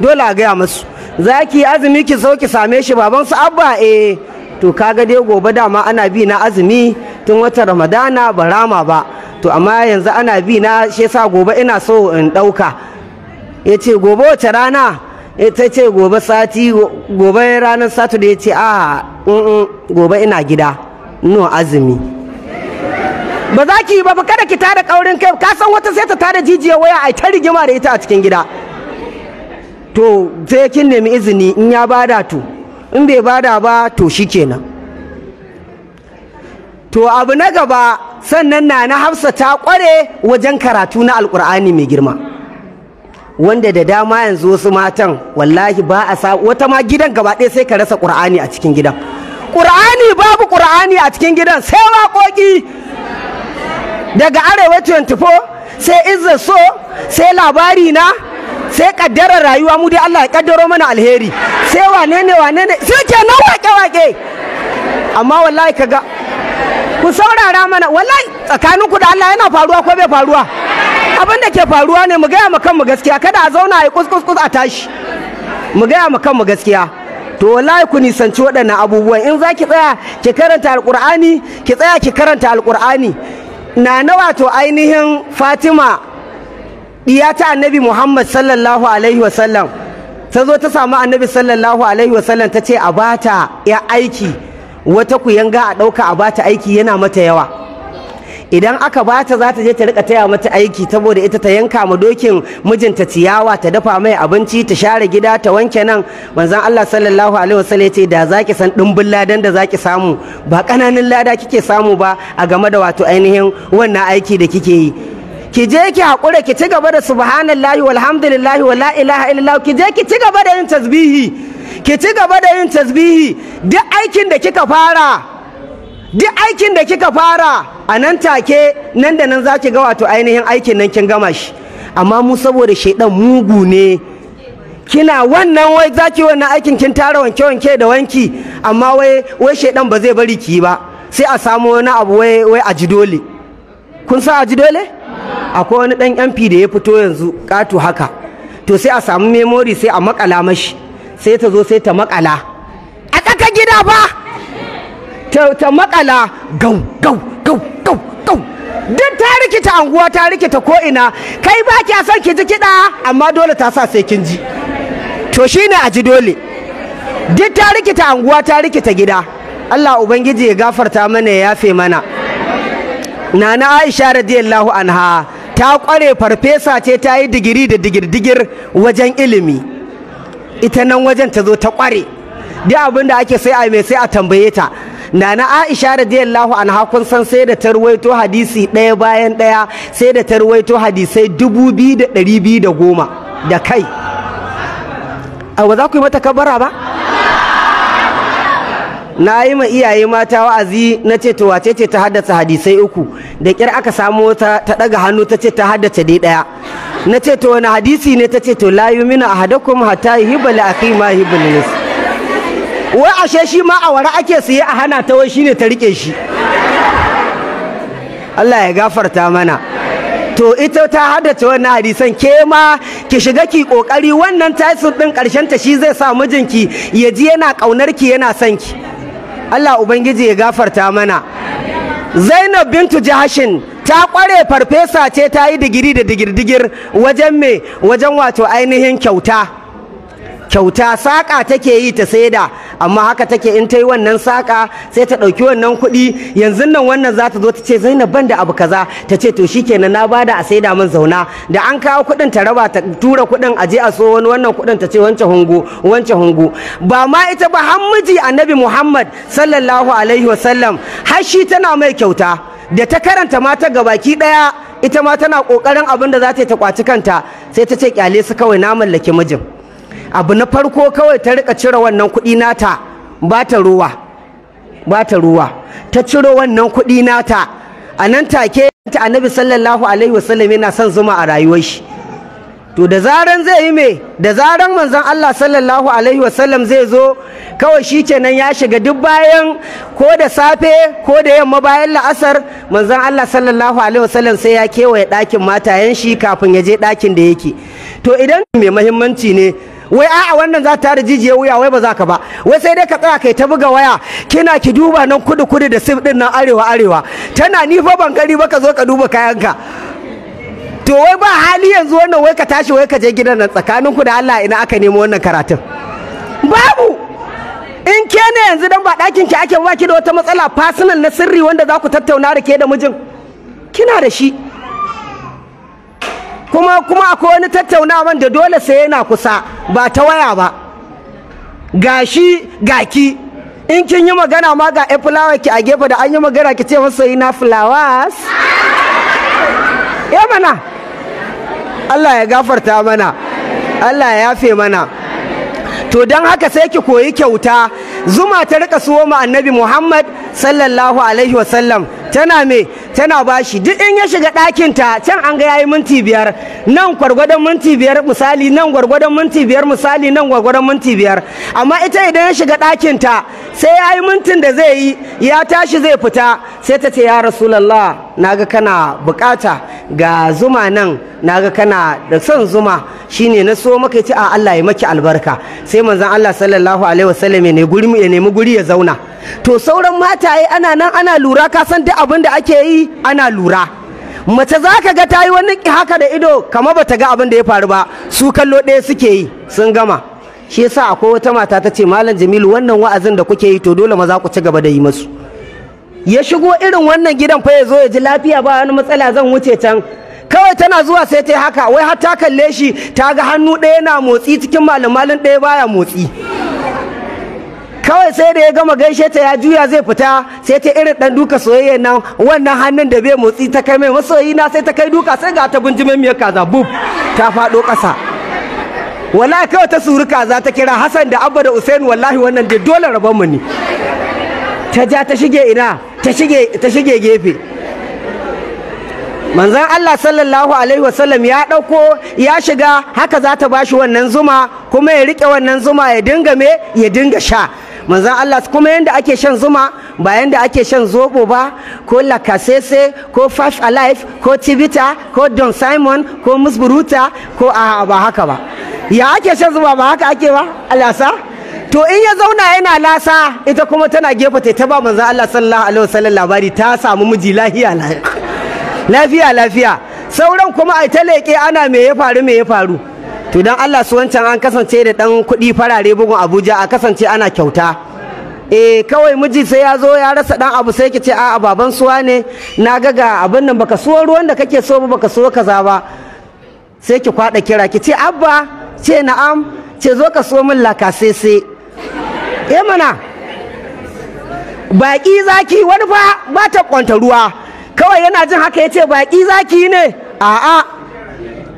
dole a gaya masu za ki azumi ki so ki same shi baban su abba eh to kaga dai gobe dama ana bi na azumi tun wata ramadana ba rama ba to amma yanzu ana bi na shi sa gobe ina so in ɗauka ya ce gobe wata rana ita ce gobe sati gobe ranar saturday ya ce a gobe ina gida no azumi ba za ki yi ba kada ki tara kaurin kai ka san wata sai ta tada jijiyar waya a ta rigima da ita a cikin gida to sai kin nemi izini in ya bada to in bai bada ba to kenan. to abu na gaba sannan na na hafsa ta kware wajen karatu na alkur'ani mai girma wanda da dama yanzu wasu matan wallahi ba a sa wata ma gidan gaba ɗaya sai ka rasa ƙur'ani a cikin gidan ƙur'ani babu ƙur'ani a cikin gidan sai waƙoƙi daga arewa 24 sai izza so sai labari na sai ƙaddarar rayuwa mu dai Allah ya ƙaddaro mana alheri sai wane ne wane ne sai ke nan waƙe-waƙe amma wallahi kaga ku saurara mana wallahi tsakaninku da Allah yana faruwa ko bai faruwa abin da ke faruwa ne mu gaya ma kanmu gaskiya kada a zauna a yi kuskus a tashi mu gaya ma kanmu gaskiya to wallahi ku nisanci waɗannan abubuwan in za ki tsaya ki karanta alƙur'ani ki tsaya ki karanta alƙur'ani na nawa wato ainihin fatima ɗiya ta annabi muhammad sallallahu alaihi wasallam ta zo ta samu annabi sallallahu alaihi wasallam ta ce a bata ya aiki wata ku yanga a ɗauka a bata aiki yana mata yawa idan aka bata za ta je ta rika taya mata aiki saboda ita ta yanka ma dokin mijinta ciyawa ta dafa mai abinci ta share gida ta wanke nan manzon Allah sallallahu alaihi wasallam yace da zaki san dimbin ladan da zaki samu ba kananan lada kike samu ba a game da wato ainihin wannan aiki da kike yi ki je ki hakura ki ci gaba da subhanallahi walhamdulillahi wala ilaha illallah ki je ki ci gaba da yin tasbihi ki ci gaba da yin tasbihi duk aikin da kika fara duk aikin da kika fara a nan take nan da nan za ki ga wato ainihin aikin nan kin gama shi amma mu saboda shaidan mugu ne kina wannan wai za ki wannan aikin kin tara wanke wanke da wanki amma wai wai shaidan ba zai bari ki ba sai a samu wani abu wai wai a ji dole kun sa a ji dole akwai wani dan fi da ya fito yanzu katu haka to sai a samu memory sai a makala mashi sai ta zo sai ta makala a tsaka gida ba ta makala gau gau gau gau gau duk ta rikita anguwa ta rikita ko ina kai ba kya son ki ji kiɗa amma dole ta sa sai kin ji to shine a ji dole duk ta rikita anguwa ta rikita gida Allah ubangiji ya gafarta mana ya yafe mana nana Aisha radiyallahu anha ta kware farfesa ce ta yi digiri da digir wajen ilimi ita nan wajen ta zo ta kware duk abin da ake sai a mai sai a tambaye ta nana Aisha radiyallahu anha kun san sai da tarwaito hadisi ɗaya bayan ɗaya sai da tarwaito hadisai dubu biyu da ɗari biyu da goma da kai a ba za ku yi mata kabara ba na yi ma iyaye mata wa'azi na ce to wace ce ta haddace hadisai uku da kyar aka samo ta ta daga hannu ta ce ta haddace dai daya na ce to wani hadisi ne ta ce to la yumina ahadakum hatta yuhibba li akhi ma yuhibbu wai ashe shi ma awara ake siye a hana ta wai shine ta rike shi Allah ya gafarta mana to ita ta haddace wannan hadisan ke ma ki shiga ki kokari wannan tasir din karshen ta shi zai sa mijinki ya ji yana kaunar ki yana son ki Allah ubangiji ya gafarta mana Zainab bintu Jahashin ta kware farfesa ce ta yi digiri da digirdigir wajen me wajen wato ainihin kyauta kyauta saƙa take yi ta saida amma haka take in ta yi wannan saƙa sai ta ɗauki wannan kuɗi yanzu nan wannan za ta zo ta ce zainab ban da abu kaza ta ce to shikenan na bada a saida min zauna da an kawo kuɗin ta raba ta tura kuɗin a je a so wani wannan kuɗin ta ce "Wance hungu "Wance hungu ba ma ita ba har miji annabi muhammad sallallahu alaihi wasallam har shi tana mai kyauta da ta karanta mata gabaki ɗaya ita ma tana ƙoƙarin abin da za ta yi ta kwaci kanta sai ta ce kyale su kawai na mallaki mijin abu na farko kawai ta rika cire wannan kuɗi nata ba ta ruwa ba ta ruwa ta ciro wannan kuɗi nata a nan take ta annabi sallallahu alaihi wasallam yana son zuma a rayuwar shi to da zaran zai yi me da zaran manzon Allah sallallahu alaihi wasallam zai zo kawai shi kenan ya shiga duk bayan ko da safe ko da yamma bayan la'asar manzon Allah sallallahu alaihi wasallam sai ya kewaye ɗakin matayen shi kafin ya je ɗakin da yake to idan mai muhimmanci ne wai a'a wannan za ta jijiyar wuya wai ba za ka ba wai sai dai ka tsaya kai ta buga waya kina ki duba nan kudu kudu da sim din nan arewa arewa tana ni fa ban gari ba ka zo ka duba kayanka to wai ba hali yanzu wannan wai ka tashi wai ka je gidan nan ku da Allah ina aka nemo wannan karatun babu in ke ne yanzu dan ba ɗakin ki ake ba ki da wata matsala personal na sirri wanda za ku tattauna da ke da mijin kina da shi kuma kuma akwai wani tattaunawan da dole sai yana kusa ba ta waya ba gashi gaki in kin yi magana ma ga 'yan fulawa ki a gefe da an yi magana ki ce masa yi na fulawas ya mana Allah ya gafarta mana Allah ya yafe mana to don haka sai ki koyi kyauta zuma ta rika suwo ma annabi Muhammad sallallahu alaihi wasallam tana me tana bashi duk in ya shiga ɗakinta can an ga yayi minti biyar nan gwargwadon minti biyar misali nan gwargwadon minti biyar misali nan gwargwadon minti biyar amma ita idan ya shiga ɗakin ta sai ya yi mintin da zai yi ya tashi zai fita sai ta ce ya rasulallah naga kana bukata ga zuma nan naga kana da son zuma shine na so maka ce a Allah ya maki albarka sai manzon Allah sallallahu alaihi wasallam ne guri ya nemi guri ya zauna to sauran mataye ana nan ana lura ka san duk abin da ake yi ana lura mace za ka ga ta yi wani haka da ido kamar ba ta ga abin da ya faru ba su kallo ɗaya suke yi sun gama shi yasa akwai wata mata ta ce malam jamilu wannan wa'azin da kuke yi to dole maza ku ci gaba da yi masu ya shigo irin wannan gidan fa ya zo ya ji lafiya ba wani matsala zan wuce can kawai tana zuwa sai ta yi haka wai har ta kalle shi ta ga hannu ɗaya na motsi cikin malamalin ɗaya baya motsi kawai sai da ya gama gaishe ta ya juya zai fita sai ta irin dan duka soyayya nan wannan hannun da bai motsi ta kai mai masoyi na sai ta kai duka sai ga ta bunjimin miyar kaza bub ta faɗo ƙasa wallahi kawai ta suru kaza ta kira Hassan da Abba da Usain wallahi wannan dai dole rabon mu ne ta ja ta shige ina ta shige ta shige gefe manzan Allah sallallahu alaihi wasallam ya ɗauko ya shiga haka za ta bashi wannan zuma kuma ya riƙe wannan zuma ya dinga me ya dinga sha manzan Allah kuma yanda ake shan zuma ba yanda ake shan zobo ba ko lakasese ko fash alive ko tibita ko don simon ko musburuta ko a ba haka ba ya ake shan zuma ba haka ake ba alasa to in ya zauna yana lasa ita kuma tana gefe ta ta ba manzan Allah sallallahu alaihi wasallam labari ta samu miji lafiya lafiya lafiya sauran kuma ai ta leke ana me ya faru me ya faru to dan Allah su wancan an kasance da dan kuɗi farare bugun Abuja a kasance ana kyauta E kawai miji sai ya zo ya rasa dan abu sai ce a'a baban suwa ne na ga ga abin nan baka suwa ruwan da kake so ba baka so kaza ba sai ki kwada kira ki ce abba ce na'am ce zo ka so min lakasese E mana baki zaki wani fa ba ta kwanta ruwa kawai yana jin haka yace baki zaki ne a'a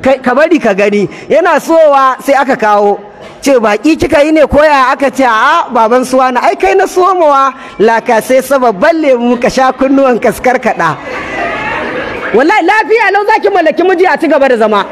ka bari ka gani yana sowa sai aka kawo ce baki kika yi ne koya aka ce a baban suwa na ai kai na somawa laka sai sababban lemu ka sha kunnuwan kaskar kaɗa wallahi lafiya lau zaki mallaki miji a ci gaba da zama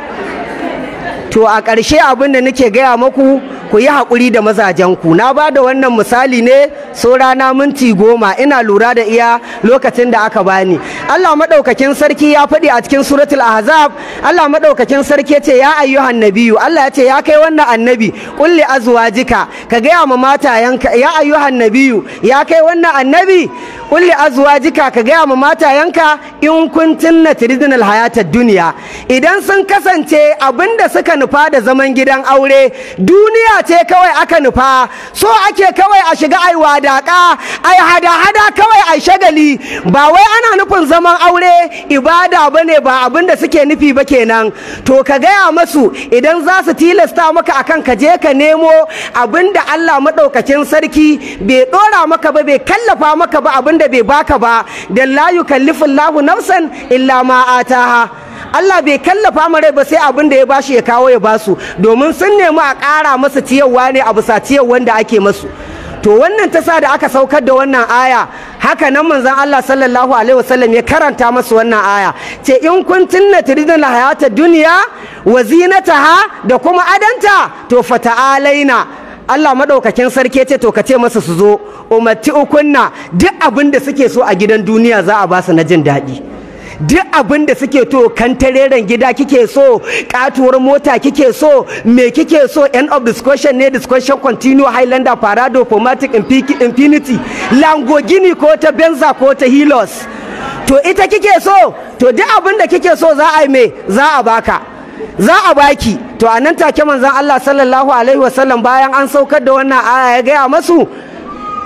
to a ƙarshe abin da nake gaya maku ku yi haƙuri da mazajenku na ba da wannan misali ne so rana minti goma ina lura da iya lokacin da aka bani Allah maɗaukakin sarki ya faɗi a cikin suratul ahzab Allah maɗaukakin sarki ya ce ya ayyu nabiyu Allah ya ce ya kai wannan annabi kulli azuwa jika, ka gaya ma yanka. ya ayyu nabiyu ya kai wannan annabi kulli azwajika ka gaya ma matayanka in kun cinna turidinal hayatar duniya idan sun kasance abinda suka nufa da zaman gidan aure duniya ce kawai aka nufa so ake kawai a shiga ai wadaka ai hada hada kawai ai shagali ba wai ana nufin zaman aure ibada bane ba abinda suke nufi ba kenan to ka gaya masu idan za su tilasta maka akan ka je ka nemo abinda Allah madaukakin sarki bai dora maka ba bai kallafa maka ba abin wanda bai baka ba dan la yukallifu Allahu nafsan illa ma ataha Allah bai kallafa mu rai ba sai abin da ya bashi ya kawo ya basu domin sun nemi a ƙara masa ciyarwa ne a bisa ciyarwa da ake masu to wannan ta sa da aka saukar da wannan aya haka nan manzon Allah sallallahu alaihi wasallam ya karanta masu wannan aya ce in kun tinna turidun hayata duniya wa zinataha da kuma adanta to fata'alaina Allah maɗaukakin sarki ce to kace masa su zo umarci ukunna duk abin da suke so a gidan duniya za a ba su na jin daɗi duk abin da suke to kan tareren gida kike so katuwar mota kike so me kike so end of discussion ne discussion continue highlander parado pomatic infinity langogini ko ta benza ko ta hilos to ita kike so to duk abin da kike so za a yi me za a baka za a baki to a nan take manzon Allah sallallahu alaihi wasallam bayan an saukar da wannan aya ya gaya masu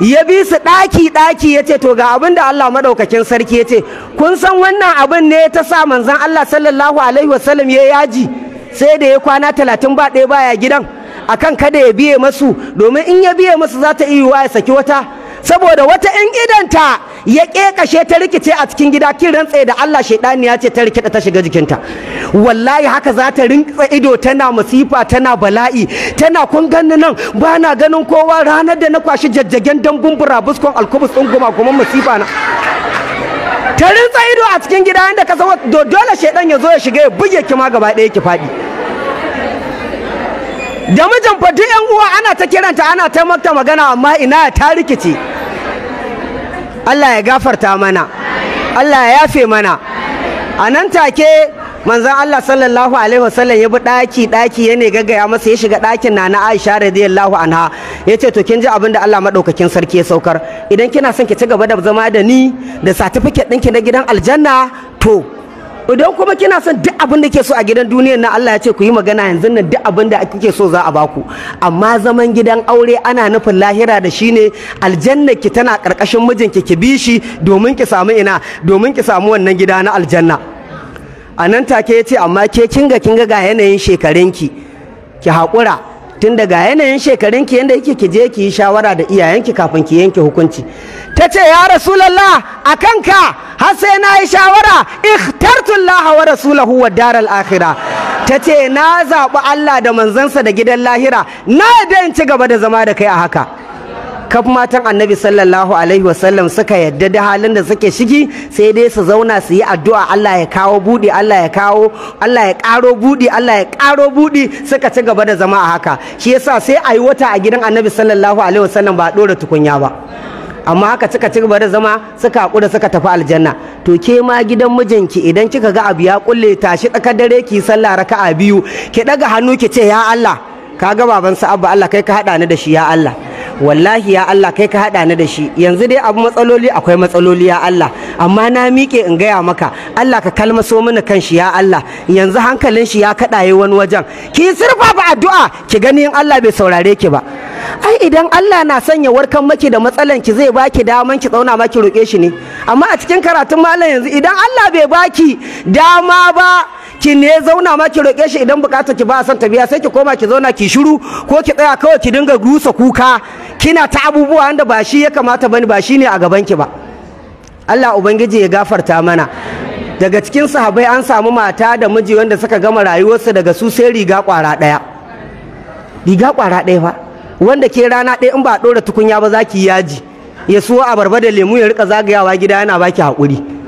ya bi su ɗaki ɗaki ya ce to ga abin da Allah maɗaukakin sarki ya ce kun san wannan abin ne ta sa manzon Allah sallallahu alaihi wasallam ya yaji sai da ya kwana talatin ba ɗaya baya gidan akan kada ya biye masu domin in ya biye masu za ta iya ya saki wata saboda wata in idanta ya kekashe ta rikice a cikin gida kin rantsa da Allah shaidani ya ce ta rikida ta shiga jikinta wallahi haka za ta rinka ido tana masifa tana bala'i tana kun ganni nan ba ganin kowa ranar da na kwashi jajjagen dangun burabuskon alkubus din goma kuma masifa na ta rinsa ido a cikin gida inda ka san dole shaidan ya zo ya shiga ya buge ki ma gaba ɗaya ki faɗi da mijin fadu yan uwa ana ta kiranta ana ta mata magana amma ina ta rikice Allah ya gafarta mana Allah ya yafe mana a nan take manzan Allah sallallahu alaihi wasallam ya bi ɗaki-ɗaki, daki daki yana gaggaya masa ya shiga ɗakin na na Aisha radiyallahu anha ya ce to kin ji abin da Allah madaukakin sarki ya saukar idan kina son ki ci gaba da zama da ni da satifiket ɗinki na gidan aljanna to idan kuma kina son duk abin da ke so a gidan duniyar na Allah ya ce ku yi magana yanzu nan duk abin da kike so za a baku amma zaman gidan aure ana nufin lahira da shi ne aljanna ki tana karkashin mijinki ki bi shi domin ki samu ina domin ki samu wannan gida na aljanna a nan take ya ce amma ke kinga kinga ga yanayin shekarunki ki haƙura tun daga yanayin shekarun ki yanda yake ki je ki yi shawara da iyayenki kafin ki yanke hukunci ta ce ya rasulallah a kanka har sai na yi shawara ikhtartu Allah wa rasulahu wa daral akhira. ta ce na zaɓi Allah da manzansa da gidan lahira na dan ci gaba da zama da kai a haka kaf matan annabi sallallahu alaihi wasallam suka yadda da halin da suke shigi sai dai su zauna su yi addu'a Allah ya kawo buɗi Allah ya kawo Allah ya ƙaro buɗi Allah ya ƙaro buɗi suka ci gaba da zama a haka shi yasa sai ayi wata a gidan annabi sallallahu alaihi wasallam ba a tukunya ba amma haka suka ci gaba da zama suka hakura suka tafi aljanna to ke ma gidan mijinki idan kika ga abu ya kulle tashi tsakar dare ki sallah raka'a biyu ki daga hannu ki ce ya Allah kaga baban sa abba Allah kai ka hada ni da shi ya Allah wallahi ya Allah kai ka haɗa ni da shi yanzu dai abu matsaloli akwai matsaloli ya Allah amma na miƙe in gaya maka Allah ka kalmaso mini kan shi ya Allah yanzu hankalin shi ya kaɗaye wani wajen ki sirfa ba addu'a ki gani in Allah bai saurare ki ba ai idan Allah na sanya warkan maki da matsalan ki zai baki daman ki tsauna ma ki roƙe shi ne amma a cikin karatun malam yanzu idan Allah bai baki dama ba ki ne zauna ma ki roƙe shi idan bukatar ki ba san son sai ki koma ki zauna ki shiru ko ki tsaya kawai ki dinga rusa kuka kina ta abubuwa wanda ba shi ya kamata bani ba shi ne a gaban ki ba Allah ubangiji ya gafarta mana daga cikin sahabbai an samu mata da miji wanda suka gama rayuwarsu daga su sai riga kwara daya. riga kwara daya ba wanda ke rana ɗaya in ba a ɗora tukunya ba zaki yi yaji ya suwa abarba da lemu ya rika zagayawa gida yana baki haƙuri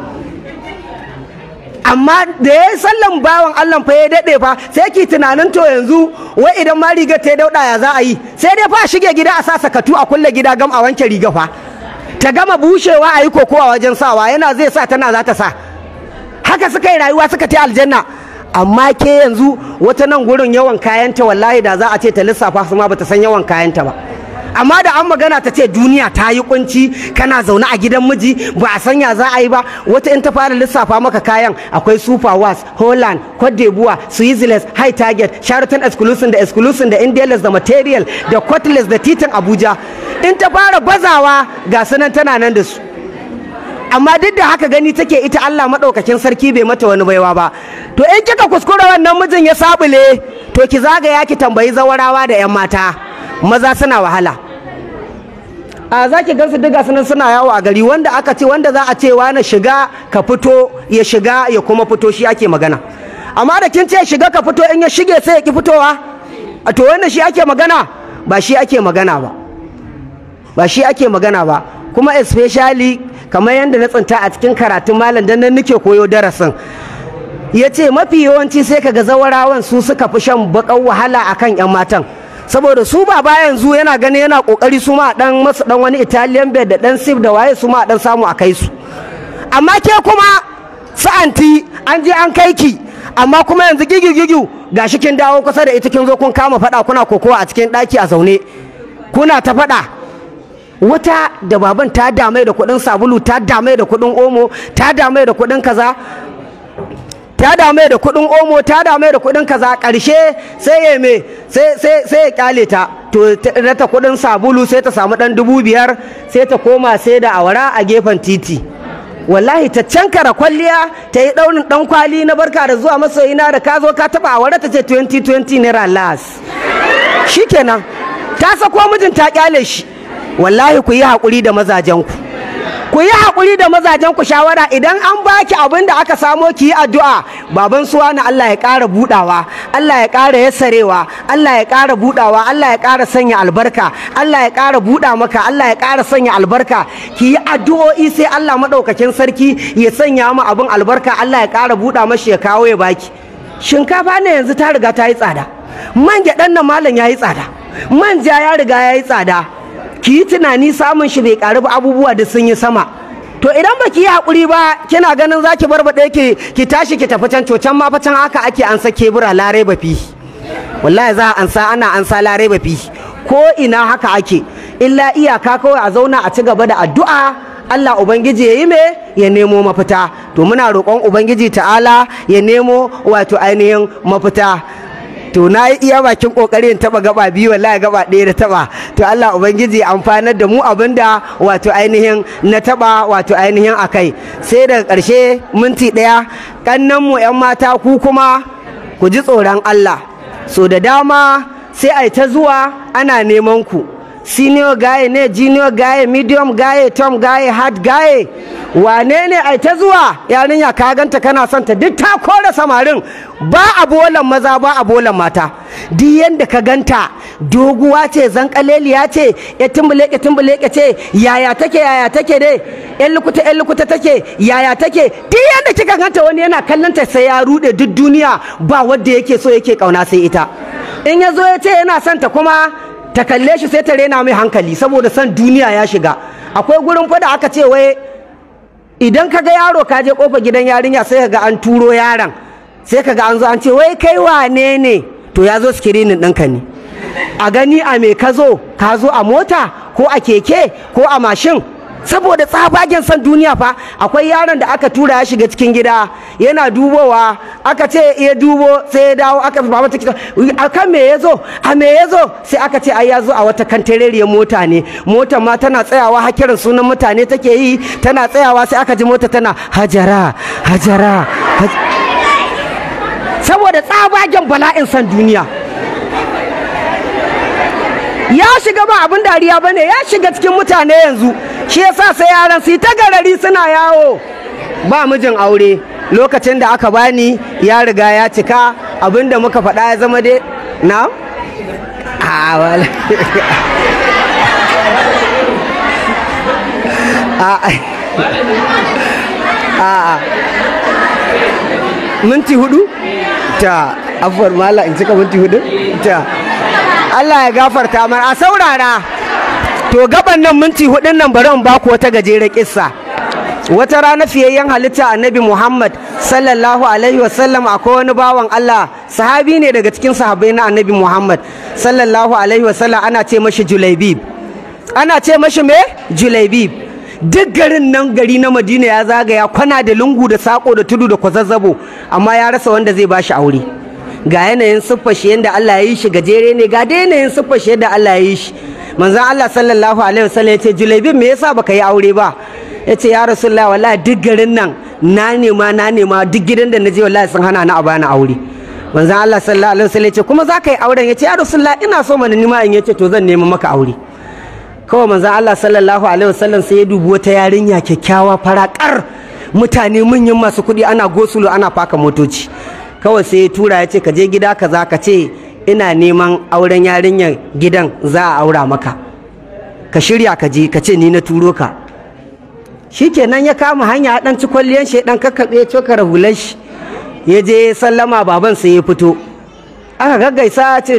amma da ya sallan bawan Allah fa ya daɗe fa sai ki tunanin to yanzu wai idan ma rigar ta dauɗa ya za a yi sai dai fa a shige gida a sa sakatu a kulle gida gam a wanke riga fa ta gama bushewa a yi kokowa wajen sawa yana zai sa tana za ta sa haka suka yi rayuwa suka ta aljanna amma ke yanzu wata nan gurin yawan kayanta wallahi da za a ce ta lissafa su ma bata san yawan kayanta ba amma da an magana ta ce duniya ta yi kunci kana zaune a gidan miji ba a sanya za a yi ba wata in ta fara lissafa maka kayan akwai super was holland cote d'ivoire switzerland high target sheraton exclusion da exclusion da indiales da material da cutlass da titin abuja in ta fara bazawa ga sanan tana nan da su amma duk da haka gani take ita Allah maɗaukakin sarki bai mata wani baiwa ba to in kika kuskura wannan mijin ya sabule to ki zagaya ki tambayi zawarawa da 'yan mata maza suna wahala a za ki gansu duk gasu nan suna yawo a gari wanda aka ce wanda za a ce wani shiga ka fito ya shiga ya kuma fito shi ake magana amma da kin ce shiga ka fito in ya shige sai ya ki fitowa a to wanda shi ake magana ba shi ake magana ba ba shi ake magana ba kuma especially kamar yadda na tsinta a cikin karatun malam dan nan nake koyo darasin ya ce mafi yawanci sai kaga zawarawan su suka fi shan bakan wahala akan 'yan matan saboda su ba ba yanzu yana gani yana kokari su ma dan masa dan wani Italian bed da dan sif da waye su ma dan samu a kai su amma ke kuma sa'anti an je an kai ki amma kuma yanzu gigigigiu gashi kin dawo kusa da ita kin zo kun kama fada kuna kokowa a cikin daki a zaune kuna ta fada wata da baban ta damai da kudin sabulu ta damai da kudin omo ta damai da kudin kaza ta dame da kuɗin omo ta dame da kuɗin kaza karshe sai ya me sai ya kyale ta to ta kuɗin sabulu sai ta samu ɗan dubu biyar sai ta koma sai da awara a gefen titi wallahi ta cankara kwalliya ta yi ɗaunin ɗan kwali na barka da zuwa masoyina da ka zo ka taba awara ta ce 2020 naira las shikenan ta sako mijin ta kyale shi wallahi ku yi hakuri da mazajen ku. ku yi haƙuri da mazajen ku shawara idan an baki abin da aka samo ki yi addu'a baban suwa na Allah ya ƙara budawa Allah ya ƙara yassarewa Allah ya ƙara budawa Allah ya ƙara sanya albarka Allah ya ƙara buda maka Allah ya ƙara sanya albarka ki yi addu'o'i sai Allah madaukakin sarki ya sanya mu abin albarka Allah ya ƙara buda mashi ya kawo ya baki shinkafa ne yanzu ta riga ta yi tsada man gyaɗan nan malam ya yi tsada manja ya riga ya yi tsada ki yi tunani samun shi bai karu ba abubuwa da sun yi sama to idan ba ki yi hakuri ba kina ganin za ki baɗe ki ki tashi ki tafi can cocan ma can haka ake an kebura bura lare wallahi za a ansa ana ansa larai bafi. fi ko ina haka ake illa iyaka kawai a zauna a ci gaba da addu'a Allah Ubangiji ya yi me ya nemo mafita to muna roƙon Ubangiji ta'ala ya nemo wato ainihin mafita to na yi iya bakin kokari in taba gaba biyu wallahi gaba ɗaya da taba to Allah ubangiji amfanar da mu abinda wato ainihin na taba wato ainihin akai sai daga ƙarshe minti ɗaya kannan mu yan mata ku kuma ku ji tsoron Allah so da dama sai ai ta zuwa ana neman ku senior guy ne junior guy, medium guy, tom guy, hard guy. wane ne ai ta zuwa yarinya ka ganta kana son ta duk ta kore samarin ba a bolan maza ba a bolan mata duk yanda ka ganta doguwa ce zankaleliya ce ya tumbuleke tumbuleke ce yaya take yaya take dai yan lukuta yan lukuta take yaya take duk yanda kika ganta wani yana kallon ta sai ya rude duk duniya ba wanda yake so yake kauna sai ita in ya zo ya ce yana son ta kuma ta kalle shi sai ta rena mai hankali saboda son duniya ya shiga akwai gurin fada aka ce wai idan ka ga yaro ka je kofa gidan yarinya sai ka ga an turo yaron sai ka ga an zo an ce wai kai wane ne to ya zo sikirinin ɗinka ne a gani a me ka zo ka zo a mota ko a keke ko a mashin saboda tsabagen san duniya fa akwai yaron da aka tura ya shiga cikin gida yana dubowa aka ce ya dubo sai ya dawo aka baba ta kita akan me yazo a me yazo sai aka ce ai yazo a wata kantareriyar mota ne mota ma tana tsayawa hakirin sunan mutane take yi tana tsayawa sai aka ji mota tana hajara hajara saboda tsabagen bala'in san duniya ya shiga ba abin dariya bane ya shiga cikin mutane yanzu shi yasa sai yaran su ta garari suna yawo ba mijin aure lokacin da aka bani ya riga ya cika abinda muka faɗa ya zama dai na a minti hudu ta afuwar mala in cika minti hudu ta Allah ya gafarta mana a saurara to gaban nan minti hudun nan bari in ku wata gajeren kissa wata rana fiyayyen halitta annabi muhammad sallallahu alaihi wasallam akwai wani bawan allah sahabi ne daga cikin sahabai na annabi muhammad sallallahu alaihi wasallam ana ce mashi julaibib ana ce mashi me julaibib duk garin nan gari na madina ya zagaya kwana da lungu da sako da tudu da kwazazzabo amma ya rasa wanda zai bashi aure ga yanayin siffar shi yadda allah ya yi shi gajere ne ga da yanayin siffar yadda allah ya yi shi manzon Allah sallallahu alaihi wasallam yace Julaibin me yasa baka yi aure ba yace ya Rasulullah wallahi duk garin nan na nema na nema duk gidan da naje wallahi sun hana ni a bani aure manzon Allah sallallahu alaihi wasallam yace kuma zaka yi auren yace ya Rasulullah ina so mana nima in yace to zan nema maka aure kawai manzon Allah sallallahu alaihi wasallam sai ya dubi wata yarinya kyakkyawa farakar mutane manyan masu kuɗi ana gosulo ana faka motoci kawai sai ya tura ya ce ka je gida kaza ka ce ina neman auren yarinyar gidan za a aura maka ka shirya ka je ka ce ni na turo ka shikenan ya kama hanya dan ci kwalliyan shi dan kakkabe cokar hular shi ya je sallama baban sai ya fito aka gaggaisa ce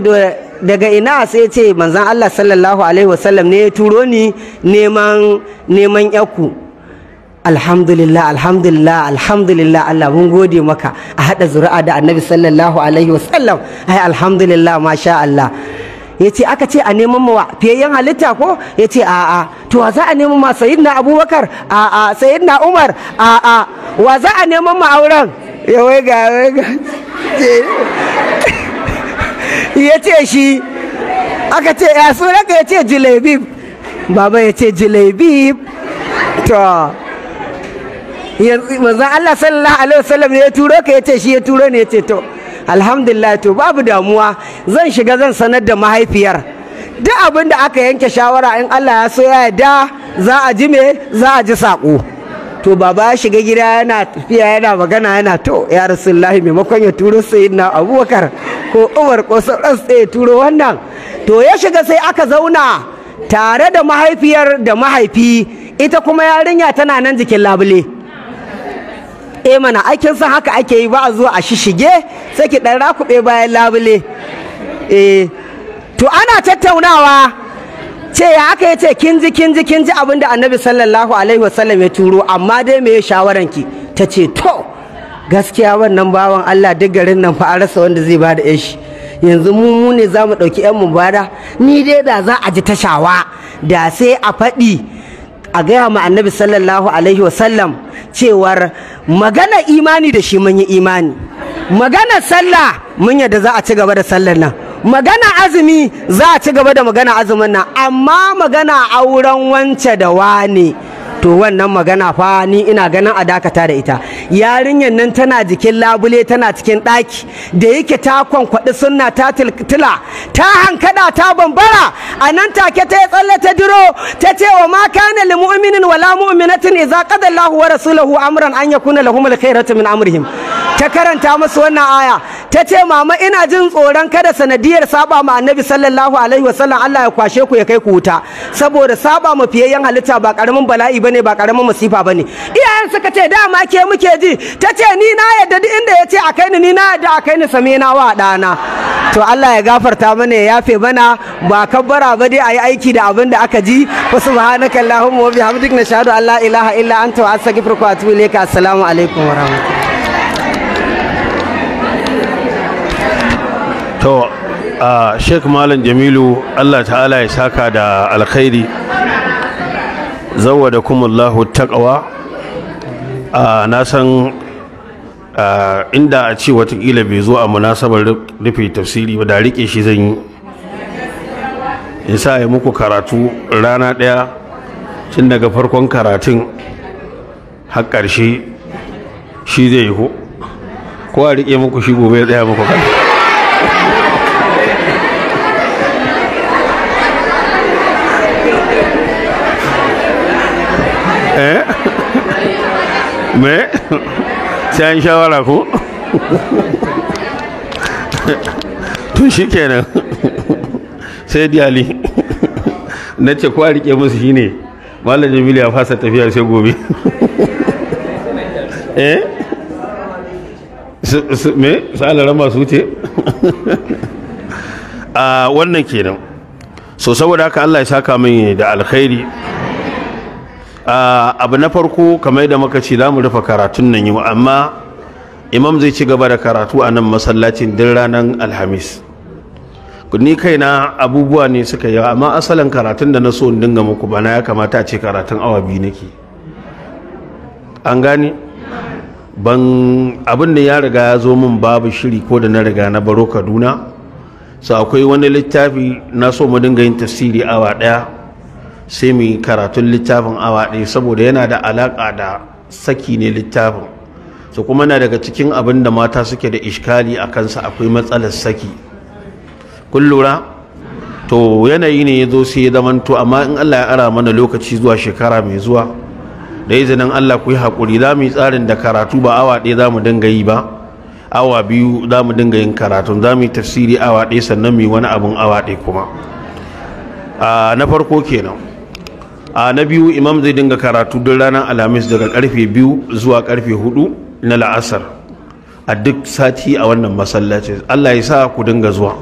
daga ina sai ce manzon Allah sallallahu alaihi wasallam ne ya turo ni neman neman yaku alhamdulillah alhamdulillah alhamdulillah Allah mun gode maka a hada zuri'a da annabi sallallahu alaihi wasallam ai alhamdulillah masha Allah ya ce aka ce a neman mawa fiyayyen halitta ko ya ce a'a to wa za a neman ma sayyidina abubakar a'a sayyidina umar a'a wa za a neman ma auren ya wai ga wai ga ya ce shi aka ce ya sunanka ya ce jilebib baba ya ce jilebib to manzon Allah sallallahu alaihi wasallam ne ya turo ka yace shi ya turo ne yace to alhamdulillah to babu damuwa zan shiga zan sanar da mahaifiyar duk abin da aka yanke shawara in Allah ya so ya yarda za a ji me za a ji sako to baba ya shiga gida yana tafiya yana magana yana to ya rasulullahi maimakon ya turo sayyidina abubakar ko umar ko sauran sai ya turo wannan to ya shiga sai aka zauna tare da mahaifiyar da mahaifi ita kuma yarinya tana nan jikin labule eh mana aikin san haka ake yi ba a zuwa a shishige sai ki ɗan rakuɓe bayan labule eh to ana tattaunawa ce ya aka yace kin ji kin ji kin ji abinda annabi sallallahu alaihi wasallam ya turo amma dai me shawaran ki ta ce to gaskiya wannan bawan Allah duk garin nan fa an rasa wanda zai bada shi yanzu mu mu ne za mu ɗauki 'yan ni dai da za a ji tashawa da sai a faɗi a gaya ma annabi sallallahu alaihi wasallam cewar magana imani da shi mun yi imani magana sallah mun yadda za a ci gaba da sallar nan magana azumi za a ci gaba da magana azumin nan amma magana auren wance da wane to wannan magana fa ni ina ganin a dakata da ita yarinyar nan tana jikin labule tana cikin ɗaki da yake ta kwankwaɗi sunna ta tiltila ta hankada ta bambara a nan take ta yi tsalle ta diro ta ce wa ma kana lil mu'minin wala mu'minatin idza qada Allahu wa rasuluhu amran an yakuna lahum al khairatu min amrihim ta karanta musu wannan aya ta ce mama ina jin tsoron kada sanadiyar saba ma annabi sallallahu alaihi wasallam Allah ya kwashe ku ya kai ku wuta saboda saba ma halitta ba karamin bala'i ba bane ba karamin masifa bane iyayen suka ce dama ke muke ji ta ce ni na yadda duk inda ya ce a kai ni ni na yadda a kai ni same na wa ɗana to Allah ya gafarta mana ya yafe mana ba kabbara ba dai ayi aiki da abin da aka ji wa subhanaka allahumma wa bihamdika nashhadu an la ilaha illa anta wa astaghfiruka wa atubu ilayka assalamu alaikum wa rahmatullahi to Sheikh Malam Jamilu Allah ta'ala ya saka da alkhairi da ta taqwa a na san inda a ce watakila bai zo a munasabar rufe tafsiri ba da rike shi zan yi in sa ya muku karatu rana ɗaya tun daga farkon karatun har ƙarshe shi zai yi ko ko a rike muku shi gobe ya tsaya muku karatu Eh? me sai an shawara ko to shi kenan sai diyali na ce kwa rike musu shi ne malar jamilu ya fasa tafiya se gobe eh me la masu wuce a ah, wannan kenan so saboda haka allah ya saka min da alkhairi Ah, abu na farko kamar da muka ce za mu rufe karatun nan yau amma imam zai ci gaba da karatu a nan masallacin din ranar alhamis ni kaina abubuwa ne suka yi amma asalin karatun da na so in dinga muku bana ya kamata a ce karatun awa biyu nake an gane ban abin da ya riga ya zo min babu shiri ko da na riga na baro kaduna su akwai wani littafi na so mu dinga yin tasiri awa daya sai mu yi karatun littafin awa ɗaya saboda yana da alaƙa da saki ne littafin su kuma na daga cikin abin da mata suke da ishkali a kansa akwai matsalar saki kun lura to yanayi ne ya zo sai ya zamanto amma in Allah ya ara mana lokaci zuwa shekara mai zuwa da izinin Allah ku yi haƙuri za mu yi tsarin da karatu ba awa ɗaya za mu dinga yi ba awa biyu za mu dinga yin karatun za mu yi tafsiri awa ɗaya sannan mu yi wani abin awa ɗaya kuma ah, na farko kenan a na biyu imam zai dinga karatu don ranar alhamis daga karfe biyu zuwa karfe hudu na la'asar a duk sati a wannan masallaci allah ya sa ku dinga zuwa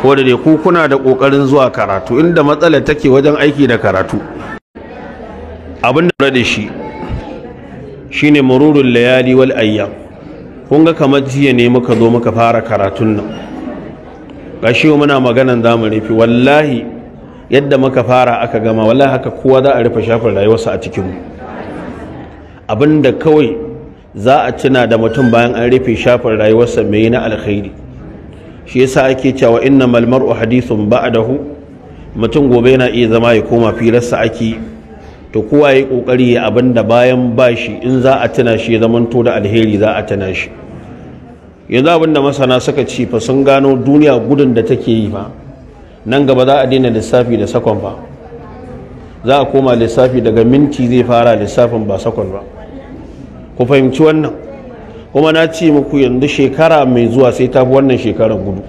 ko da ne ku kuna da kokarin zuwa karatu inda matsala take wajen aiki da karatu abin da da shi shine mururun layali wal ayyam kun ga kamar jiya ne muka zo muka fara karatun nan gashi muna maganan zamu rufe wallahi yadda muka fara aka gama wallahi haka kowa za a rufe shafin rayuwarsa a cikin da kawai za a tuna da mutum bayan an rufe shafin rayuwarsa mai na alkhairi shi yasa ake cewa inna mar'u hadithun ba'dahu mutum gobe yana iya zama ya koma firarsa ake to kowa yayi kokari ya abinda bayan bashi in za a tuna shi ya zamanto da alheri za a tuna shi yanzu abinda masana suka ci fa sun gano duniya gudun da take yi fa nan gaba za a daina lissafi da sakon ba za a koma lissafi daga minti zai fara lissafin ba sakon ba ku fahimci wannan kuma na ce muku yanzu shekara mai zuwa sai ta fi wannan shekarar gudu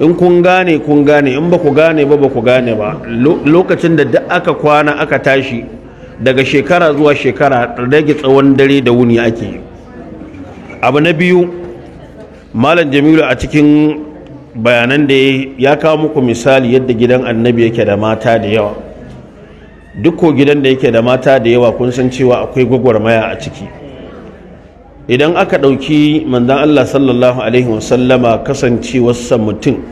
in kun gane kun gane in ba ku gane ba ba ku gane ba lokacin da duk aka kwana aka tashi daga shekara zuwa shekara rage tsawon dare da wuni ake abu na biyu malam jamilu a cikin bayanan da ya kawo muku misali yadda gidan annabi yake da mata da yawa duk ko gidan da yake da mata da yawa kun san cewa akwai gwagwarmaya a ciki idan aka ɗauki manzan Allah sallallahu alaihi wasallama kasancewarsa mutum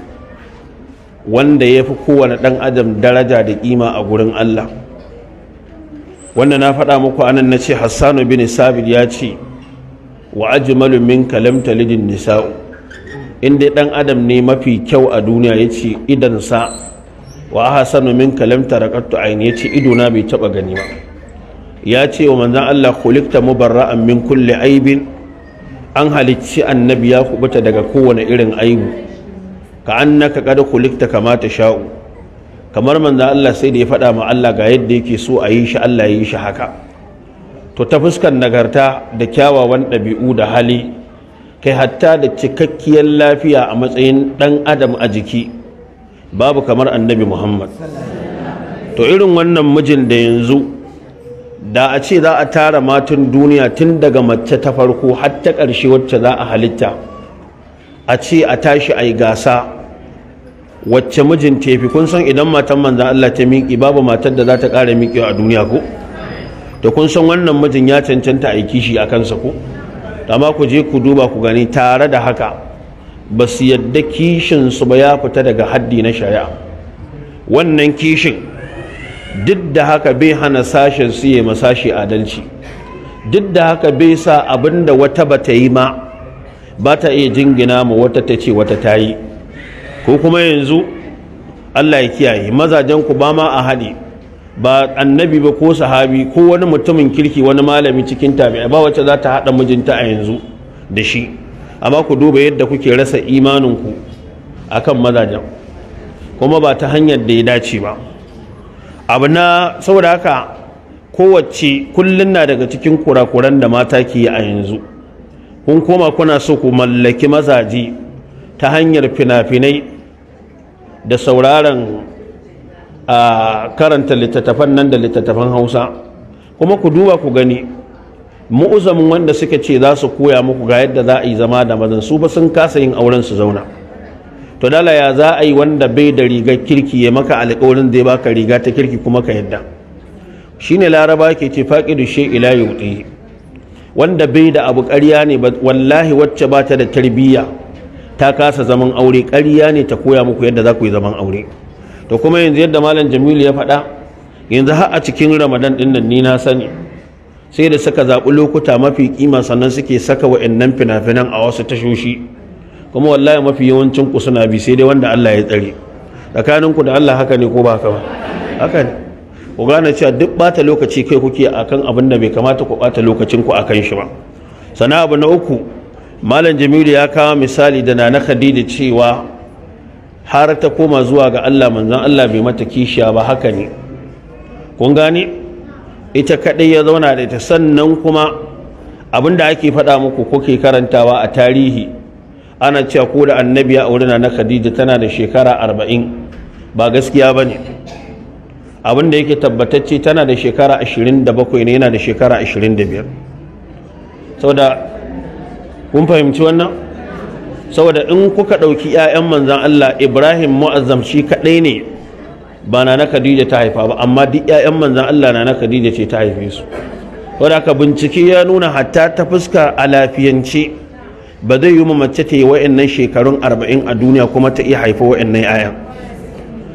wanda ya fi kowane ɗan adam daraja da ƙima a gurin Allah wanda na faɗa muku anan na ce hassanu bin sabir ya ce wa ajmalu min kalam lidin nisa'u Inda dan adam ne mafi kyau a duniya ya ce sa wa ahsanu minka lam taraqatu aini yace ido na bai taba gani ba ya ce wa Manzan Allah khuliqta mubarra'an min kulle aibin an halicci annabi ya kubuta daga kowane irin aibu ka annaka kada khuliqta kamata sha'u kamar Manzan Allah sai da ya faɗa ma Allah ga yadda yake so a yi shi Allah ya yi shi haka to ta fuskan nagarta da kyawawan ɗabi'u da hali kai hatta da cikakkiyar lafiya a matsayin ɗan adam a jiki babu kamar annabi muhammad to irin wannan mijin da yanzu da a ce za a tara matan duniya tun daga mace ta farko har ta ƙarshe wacce za a halitta a ce a tashi a yi gasa wacce mijin tefi kun san idan matan manzan Allah ta miƙi babu matar da za ta ƙara miƙewa a duniya ko to kun san wannan mijin ya cancanta a yi kishi a kansa ko amma ku je ku duba ku gani tare da haka ba su yadda kishin su ba ya fita daga haddi na shari'a wannan kishin duk da haka bai hana sashen su yi masashi adalci duk da haka bai sa abin da wata ba ta yi ma ba ta iya jingina ma wata ta ce wata ta yi ko kuma yanzu Allah ya kiyaye mazajen ku ba ma a haɗi ba annabi ba ko sahabi ko wani mutumin kirki wani malami cikin tabi'a ba wacce za ta haɗa mijinta a yanzu da shi amma ku duba yadda kuke rasa imaninku a kan mazajen kuma ba ta hanyar da ya dace ba abu na saboda haka kowace kullum na daga cikin kurakuran da mata ke yi a yanzu kun koma kuna so ku mallaki mazaje ta hanyar fina-finai da sauraron a karanta littattafan nan da littattafan hausa kuma ku duba ku gani mu'uzamin wanda suka ce za su koya muku ga yadda za a yi zama da mazan su ba sun kasa yin auren su zauna to dala ya za a yi wanda bai da rigar kirki ya maka alƙawarin zai baka riga ta kirki kuma ka yadda shine laraba ke ce da she ila wanda bai da abu ƙarya ne wallahi wacce ba ta da tarbiyya ta kasa zaman aure ƙarya ne ta koya muku yadda za ku yi zaman aure to kuma yanzu yadda malam jamilu ya faɗa yanzu har a cikin ramadan ɗin nan ni na sani sai da suka zaɓi lokuta mafi kima sannan suke saka wa'annan fina-finan a wasu tashoshi kuma wallahi mafi yawancin ku suna bi sai dai wanda Allah ya tsare tsakanin ku da Allah haka ne ko ba haka ba haka ne ku gane cewa duk bata lokaci kai kuke akan abin da bai kamata ku bata lokacin ku akan shi ba sana abu na uku malam Jamilu ya kawo misali da Nana Khadija cewa har ta koma zuwa ga Allah manzon Allah bai mata kishiya ba haka ne kun gane ita kadai ya zauna da ita sannan kuma abinda ake faɗa muku ke karantawa a tarihi ana cewa ko da annabi ya aure na Khadija tana da shekara arba'in ba gaskiya bane abinda yake tabbatacce tana da shekara bakwai ne yana da shekara 25 saboda kun fahimci wannan saboda in kuka ɗauki 'ya'yan manzan Allah Ibrahim mu'azzam shi kaɗai ne ba na na Khadija ta haifa ba amma duk 'ya'yan manzan Allah na na Khadija ce ta haife su saboda ka bincike ya nuna hatta ta fuska a lafiyance ba zai yi mace ta yi wa'annan shekarun arba'in a duniya kuma ta iya haifa wa'annan 'ya'yan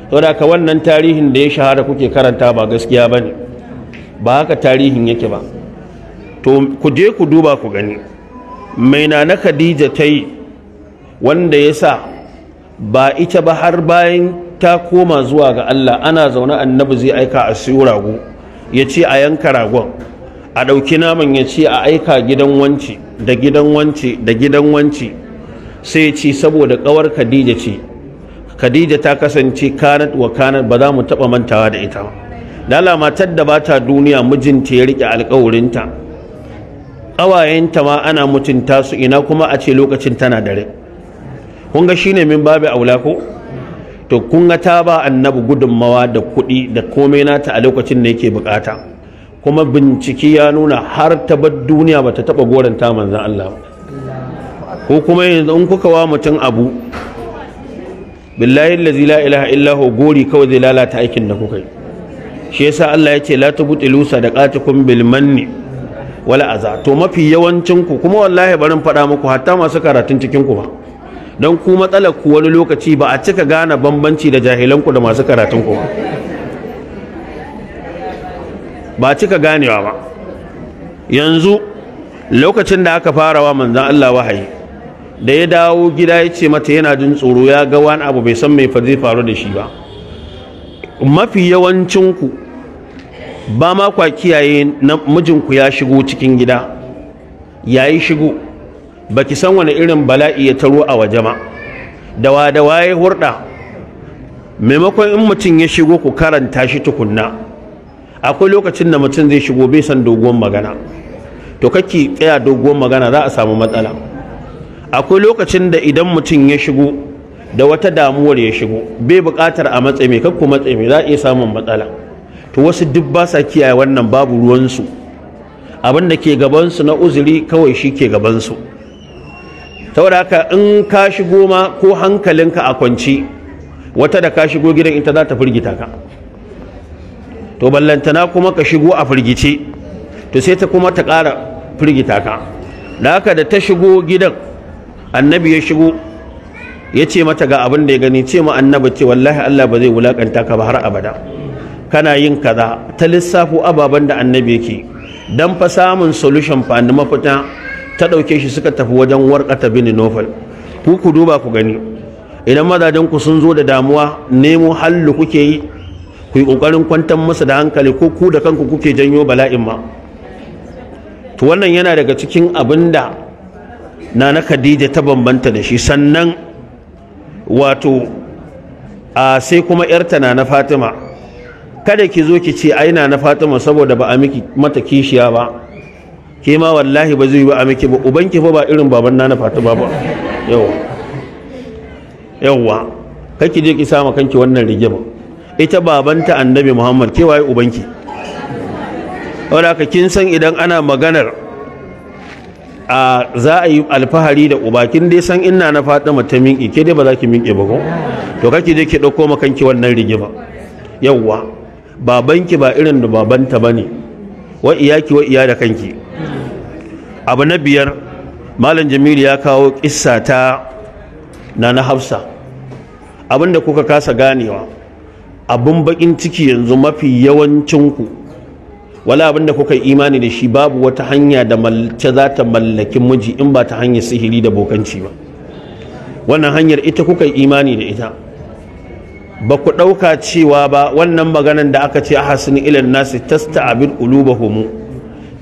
saboda ka wannan tarihin da ya shahara kuke karanta ba gaskiya ba ne ba haka tarihin yake ba to ku je ku duba ku gani mai na na Khadija ta yi wanda ya sa ba ita ba har bayan ta koma zuwa ga Allah ana zaune annabi zai aika a siyo rago ya ce a yanka ragon a ɗauki naman ya ce a aika gidan wanci da gidan wanci da gidan wanci sai ya ce saboda ƙawar Khadija ce Khadija ta kasance kanat wa kanat ba za mu taɓa mantawa da ita lala matar da bata duniya mijinta ya riƙe alƙawarinta ƙawayenta ma ana mutunta su ina kuma a ce lokacin tana dare kun ga shine min babu aula ko to kun ta ba annabi gudunmawa da kuɗi da komai nata a lokacin da yake bukata kuma bincike ya nuna har ta bar duniya ta taba goranta manzan Allah ko kuma yanzu in kuka wa mutum abu billahi la ilaha illa gori kawai zai lalata aikin da kuka yi shi yasa Allah ya ce la da sadaqatukum bil manni wala aza to mafi yawancin ku kuma wallahi barin faɗa muku hatta masu karatun cikin ku ba don ku matsalar ku wani lokaci ba a cika gane bambanci da jahilanku da masu karatunku ba. ba cika ganewa ba yanzu lokacin da aka fara wa manzan Allah wahayi da ya dawo gida ya ce mata yana jin tsoro ya ga wani abu bai san mai zai faru da shi ba mafi yawancinku ba ma kwa kiyaye na mijinku ya shigo cikin gida ya yi shigo baki san wani irin bala'i ya taro a waje ba dawa da waye maimakon in mutum ya shigo ku karanta shi tukunna akwai lokacin da mutum zai shigo bai san doguwar magana to kake tsaya doguwar magana za a samu matsala akwai lokacin da idan mutum ya shigo da wata damuwar ya shigo bai buƙatar a matse mai kakku matse mai za a iya samun matsala to wasu duk ba sa kiyaye wannan babu ruwansu abin da ke gabansu na uzuri kawai shi ke gabansu saboda haka in ka shigo ma ko hankalinka a kwanci wata da ka shigo gidan ita za ta firgita ka to ballantana kuma ka shigo a firgice to sai ta kuma ta ƙara firgita ka da haka da ta shigo gidan annabi ya shigo ya ce mata ga abin da ya gani ce ma annabi ce wallahi Allah ba zai wulakanta ka ba har abada kana yin kaza ta lissafo ababen da annabi yake dan fa samun solution fa mafita ta ɗauke shi suka tafi wajen warkata bin nufal ku ku duba ku gani idan mazajenku sun zo da damuwa nemo hallu kuke yi ku yi ƙoƙarin kwantar masa da hankali ko ku da kanku kuke janyo bala'in ma to wannan yana daga cikin abin da nana khadija ta bambanta da shi sannan wato a sai kuma yarta na fatima kada ki zo ki ce ai na fatima saboda ba a miki mata kishiya ba ke ma wallahi ba zai yi ba a miki ba ubanki fa ba irin baban nana fatima ba yawa yawa kake je ki sama kanki wannan ba? ita babanta annabi muhammad ke waye ubanki ka kin san idan ana maganar a za a yi alfahari da uba kin dai san ina na ma ta minki ke dai ba za ki minke ba ko to kake je ki dauko makanki wannan ba yawwa babanki ba irin da babanta bane wa iyaki wa iya da kanki abu na biyar malam jamilu ya kawo kissa ta na na hafsa abinda kuka kasa ganewa abin bakin ciki yanzu mafi yawancinku wala abinda kuka yi imani da shi babu wata hanya da mace za ta mallaki miji in ba ta hanyar sihiri da bokanci ba wannan hanyar ita kuka yi imani da ita ba ku ɗauka cewa ba wannan maganan da aka ce a hasini ilan nasi tasta abin homo,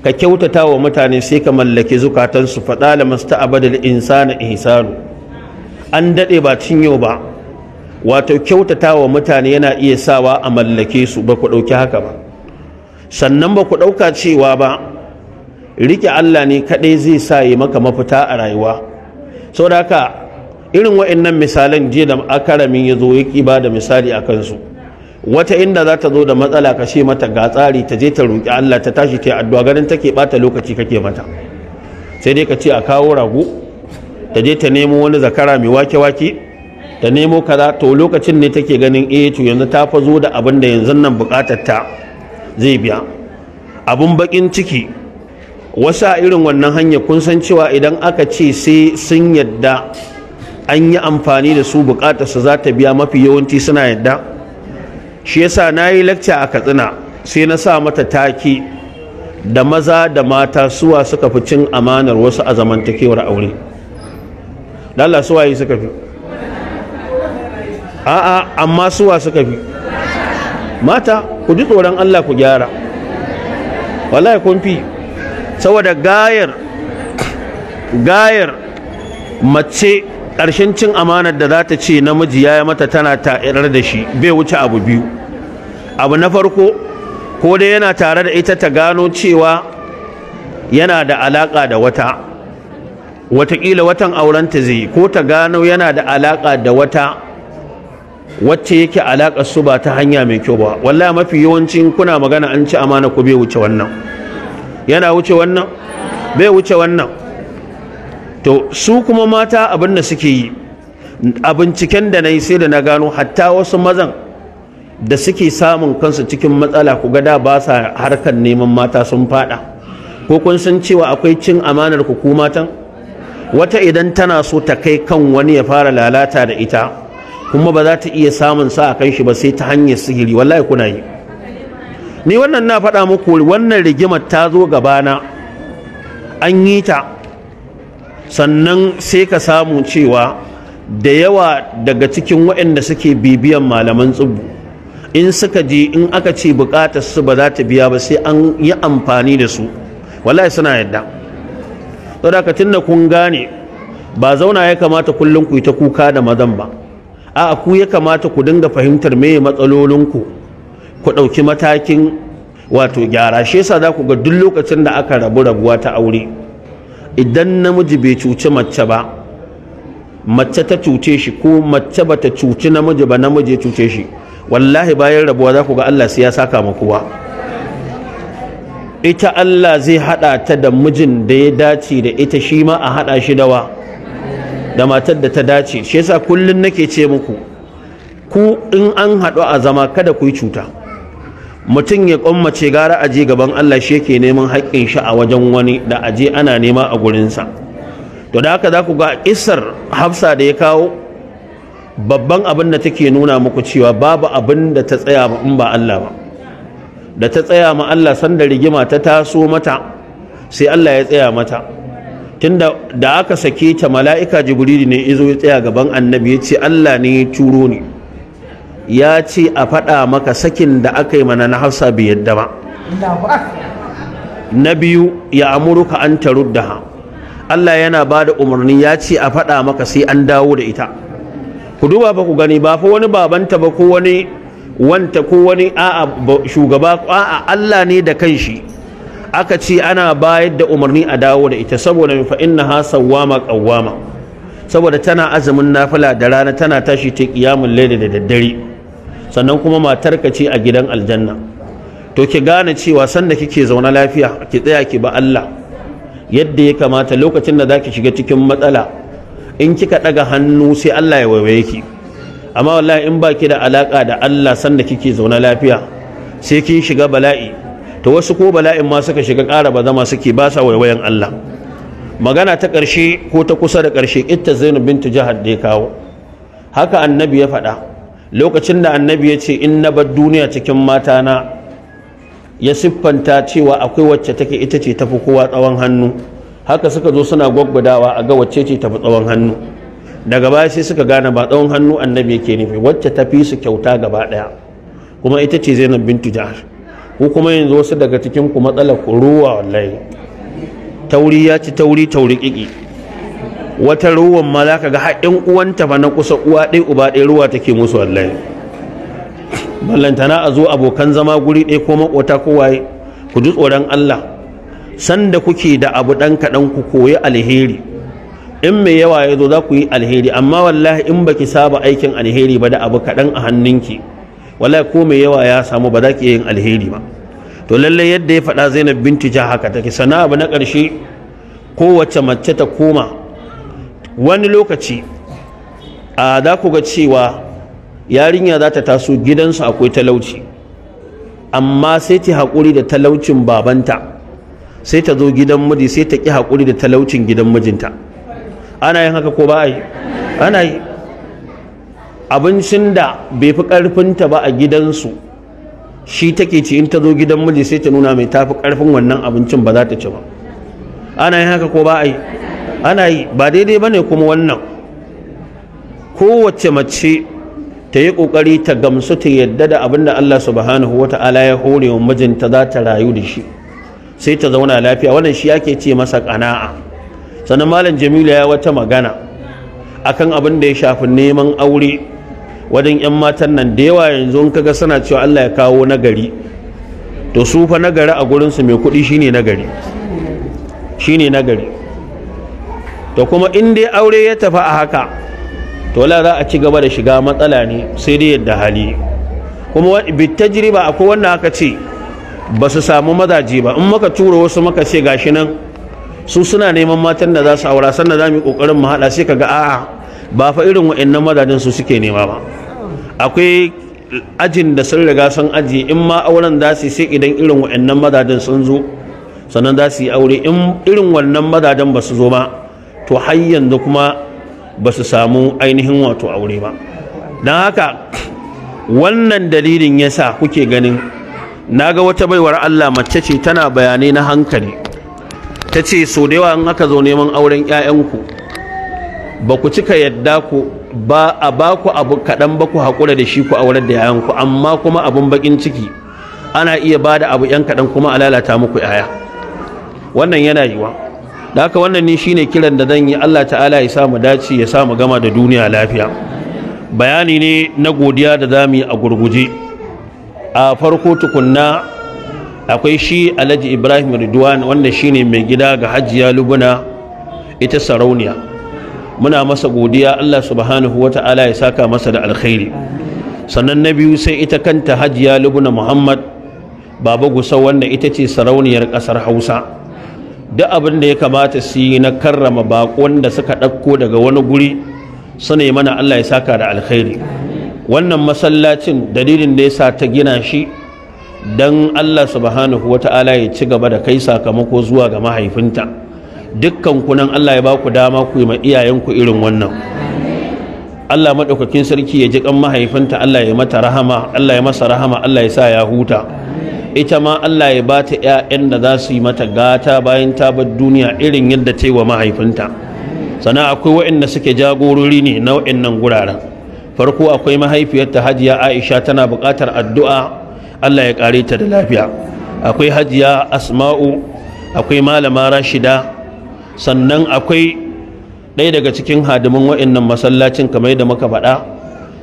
ka kyautata wa mutane sai ka mallake zukatansu faɗa da masta abadal insana ihsanu an daɗe ba yau ba wato kyautata wa mutane yana iya sawa a mallake su ba ku ɗauki haka ba sannan ba ku ɗauka cewa ba riƙe Allah ne kaɗai zai sa yi maka mafita a rayuwa saboda haka irin wa'annan misalan jiya da akaramin ya zo ya ba da misali a kansu wata inda za ta zo da matsala ka ce mata ga tsari ta je ta roƙi Allah ta tashi ta yi addu'a ganin take bata lokaci kake mata sai dai ka ce a kawo rago ta je ta nemo wani zakara mai wake-wake ta nemo kaza to lokacin ne take ganin eh to yanzu ta fa zo da abin da yanzu nan buƙatar ta zai biya abun bakin ciki wasu a irin wannan hanya kun san cewa idan aka ce sai sun yadda an yi amfani da su bukatar su za ta biya mafi yawanci suna yadda shi yasa na yi lakca a katsina sai na sa mata taki da maza da mata suwa suka fi cin amanar wasu a zamantakewar aure lalla yi suka fi a'a amma suwa suka fi mata ku ji tsoron allah ku gyara wallahi kun fi saboda gayar gayar mace ƙarshen cin amanar da za ta ce namiji ya yi mata tana ta'irar da shi bai wuce abu biyu abu na farko ko dai yana tare da ita ta gano cewa yana da alaƙa da wata wataƙila watan aurenta zai ko ta gano yana da alaƙa da wata wacce yake alaƙar su ba ta hanya mai kyau ba wallahi mafi yawancin kuna magana an ci amana ku bai wuce wannan yana wuce wannan bai wuce wannan to su kuma mata abin da suke yi a binciken da na yi sai da na gano hatta wasu mazan da suke samun kansu cikin matsala ku gada ba sa harkar neman mata sun fada ko kun san cewa akwai cin amanar ku ku matan wata idan tana so ta kai kan wani ya fara lalata da ita kuma ba za ta iya samun sa a kan shi ba sai ta hanyar sihiri wallahi kuna yi ni wannan na faɗa muku wannan rigimar ta zo gabana an yi ta sannan sai ka samu cewa da yawa daga cikin waɗanda suke bibiyan malaman tsubu in suka je in aka ce buƙatar su ba za ta biya ba sai an yi amfani da su wallahi suna yadda saboda ka da kun gane ba zauna ya kamata kullum ku yi ta kuka da mazan ba a'a ku ya kamata ku dinga fahimtar meye matsalolinku ku ɗauki matakin wato gyara shi yasa za ku ga duk lokacin da aka rabu rabuwa ta aure idan namiji bai cuci mace ba mace ta cuce shi ko mace ba ta cuci namiji ba namiji ya cuce shi wallahi bayan rabuwa za ku ga Allah sai ya saka ma ita Allah zai hada ta da mijin da ya dace da ita shi ma a hada shi dawa da matar da ta dace shi yasa kullun nake ce muku ku in an hadu a zama kada ku yi cuta mutum ya kwammace gara aje gaban Allah shi yake neman haƙƙin shi a wajen wani da aje ana nema a gurinsa to da haka za ku ga isar hafsa da ya kawo babban abin da take nuna muku cewa babu abin da ta tsaya ma in ba Allah ba da ta tsaya ma Allah sanda rigima ta taso mata sai Allah ya tsaya mata tunda da aka sake ta mala'ika jibrili ne izo ya tsaya gaban annabi ya ce Allah ne ya turo ne. ya ce a faɗa maka sakin da aka yi mana na hafsa bai yadda ba na biyu ya amuruka an ha Allah yana ba da umarni ya ce a faɗa maka sai an dawo da ita ku duba ba ku gani ba fa wani babanta ba ko wani wanta ko wani a'a shugaba a'a Allah ne da kanshi aka ce ana bayar da umarni a dawo da ita saboda fa innaha sawwama qawwama saboda tana azumin nafila da rana tana tashi ta kiyamul laili da daddare sannan kuma matarka ce a gidan aljanna to ki gane cewa sanda kike zauna lafiya ki tsaya ki ba Allah yadda ya kamata lokacin da zaki shiga cikin matsala in kika daga hannu sai Allah ya waiwaye ki amma wallahi in baki da alaka da Allah sanda kike zauna lafiya sai kin shiga bala'i to wasu ko bala'in ma suka shiga ƙara ba zama suke ba sa waiwayen Allah magana ta ƙarshe ko ta kusa da ƙarshe ita Zainab bintu Jahad da ya kawo haka annabi ya faɗa lokacin da annabi ya ce in na bar duniya cikin mata na ya siffanta cewa akwai wacce take ita ce tafi kowa tsawon hannu haka suka zo suna gwaggwadawa a ga wacce ce tafi tsawon hannu daga baya sai suka gane ba tsawon hannu annabi yake nufi wacce tafi su kyauta gaba daya kuma ita ce zainab bintu jahar ko kuma yanzu wasu daga cikin ku matsalar ku ruwa wallahi tauri ya ci tauri tauri kiki wata ruwan ma za ka ga haɗin uwanta ba na kusa uwa ɗaya uba ɗaya ruwa take musu wallahi ballantana a zo abokan zama guri ɗaya ko makota ko waye ku ji tsoron Allah sanda kuke da abu ɗan kaɗan ku koyi alheri in mai yawa ya zo za ku yi alheri amma wallahi in baki saba aikin alheri ba da abu kaɗan a hannunki wallahi ko mai yawa ya samu ba za ki yin alheri ba to lallai yadda ya faɗa zainab binti ja haka take sana'a ba na ƙarshe kowace mace ta koma wani lokaci a za ku ga cewa yarinya za ta taso gidansu akwai talauci amma sai ta haƙuri da talaucin babanta sai ta zo gidan miji sai ta ƙi haƙuri da talaucin gidan mijinta ana yin haka ko ba a yi ana yi abincin da bai fi ƙarfinta ba a gidansu shi take ci in ta zo gidan miji sai ta nuna mai tafi ƙarfin wannan abincin ba za ta ci ba ana yin haka ko ba a yi ana yi ba daidai ba ne kuma wannan kowace mace ta yi ƙoƙari ta gamsu ta yadda da abin da Allah subhanahu ta'ala ya hore wa mijinta za ta rayu da shi sai ta zauna lafiya wannan shi yake ce masa kana'a sannan malam jamilu ya wata magana akan abin da ya shafi neman aure wajen 'yan matan nan da yawa yanzu in kaga suna cewa Allah ya kawo nagari to su fa nagari a gurinsu mai kuɗi shine nagari shine nagari to kuma in dai aure ya tafi a haka to la za a ci gaba da shiga matsala ne sai dai yadda hali kuma tajriba akwai wanda aka ce ba su samu mazaje ba in muka tura wasu muka ce gashi nan su suna neman matan da za su aura sannan za mu yi kokarin mu haɗa sai ka ga a'a ba fa irin wa'annan mazajen su suke nema ba akwai ajin da sun riga sun aji in ma auren za su sai idan irin wa'annan mazajen sun zo sannan za su yi aure in irin wannan mazajen ba su zo ba to har yanzu kuma ba su samu ainihin wato aure ba don haka wannan dalilin ya sa kuke ganin na ga wata baiwar Allah mace ce tana bayanai na hankali ta ce so da yawa in aka zo neman auren 'ya'yanku ba ku cika yadda ku ba a ba ku abu kaɗan ba ku haƙura da shi ku aurar da 'ya'yanku amma kuma abin baƙin ciki ana iya ba da abu 'yan kaɗan kuma a lalata muku 'ya'ya wannan yana yiwa da haka wannan ne shine kiran da zan yi Allah ta'ala ya sa mu dace ya sa mu gama da duniya lafiya bayani ne na godiya da zamu yi a gurguje a farko tukunna akwai shi Alhaji Ibrahim Ridwan wanda shine mai gida ga Hajiya Lubuna ita sarauniya muna masa godiya Allah subhanahu wata'ala ya saka masa da alkhairi sannan na biyu sai ita kanta Hajiya Lubuna Muhammad Baba Gusau wanda ita ce sarauniyar ƙasar Hausa duk abin da ya kamata su yi na karrama bakon da suka ɗauko daga wani guri su ne mana Allah ya saka da alkhairi wannan masallacin dalilin da ya sa ta gina shi don Allah subhanahu wata'ala ya ci gaba da kai sakamako zuwa ga mahaifinta dukkan ku nan Allah ya ba ku dama ku yi ma iyayenku irin wannan Allah maɗaukakin sarki ya ji kan mahaifinta Allah ya mata rahama Allah ya masa rahama Allah ya sa ya huta ita ma Allah ya ba ta 'ya'yan da za su yi mata gata bayan ta bar duniya irin yadda ta yi wa mahaifinta sana akwai waɗanda suke jagorori ne na waɗannan guraren farko akwai mahaifiyarta hajiya aisha tana buƙatar addu'a Allah ya ƙare ta da lafiya akwai hajiya asma'u akwai malama rashida sannan akwai ɗaya daga cikin hadimin waɗannan masallacin kamar da muka faɗa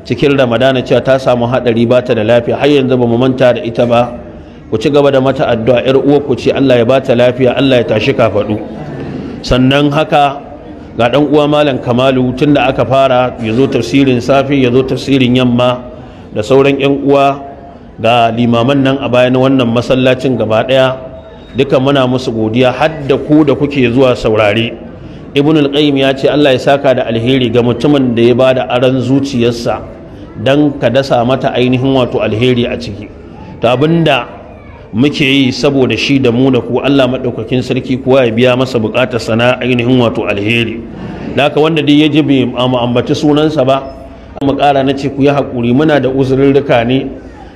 cikin ramadana cewa ta samu haɗari ba ta da lafiya har yanzu ba mu manta da ita ba ku ci gaba da mata addu'a 'yar uwa ku ce Allah ya bata lafiya Allah ya tashi kafaɗu sannan haka ga ɗan uwa malam Kamalu tun da aka fara yazo tafsirin safi yazo tafsirin yamma da sauran yan uwa ga limaman nan a bayan wannan masallacin gaba daya duka muna musu godiya har da ku da kuke zuwa saurare ibn al-qayyim ya ce Allah ya saka da alheri ga mutumin da ya bada aran zuciyarsa dan ka dasa mata ainihin wato alheri a ciki to abinda muke yi saboda shi da mu da ku Allah maɗaukakin sarki kowa ya biya masa buƙatar sana ainihin wato alheri da wanda dai ya ji bai ambaci sunansa ba mu ƙara na ce ku yi haƙuri muna da uzurrurruka ne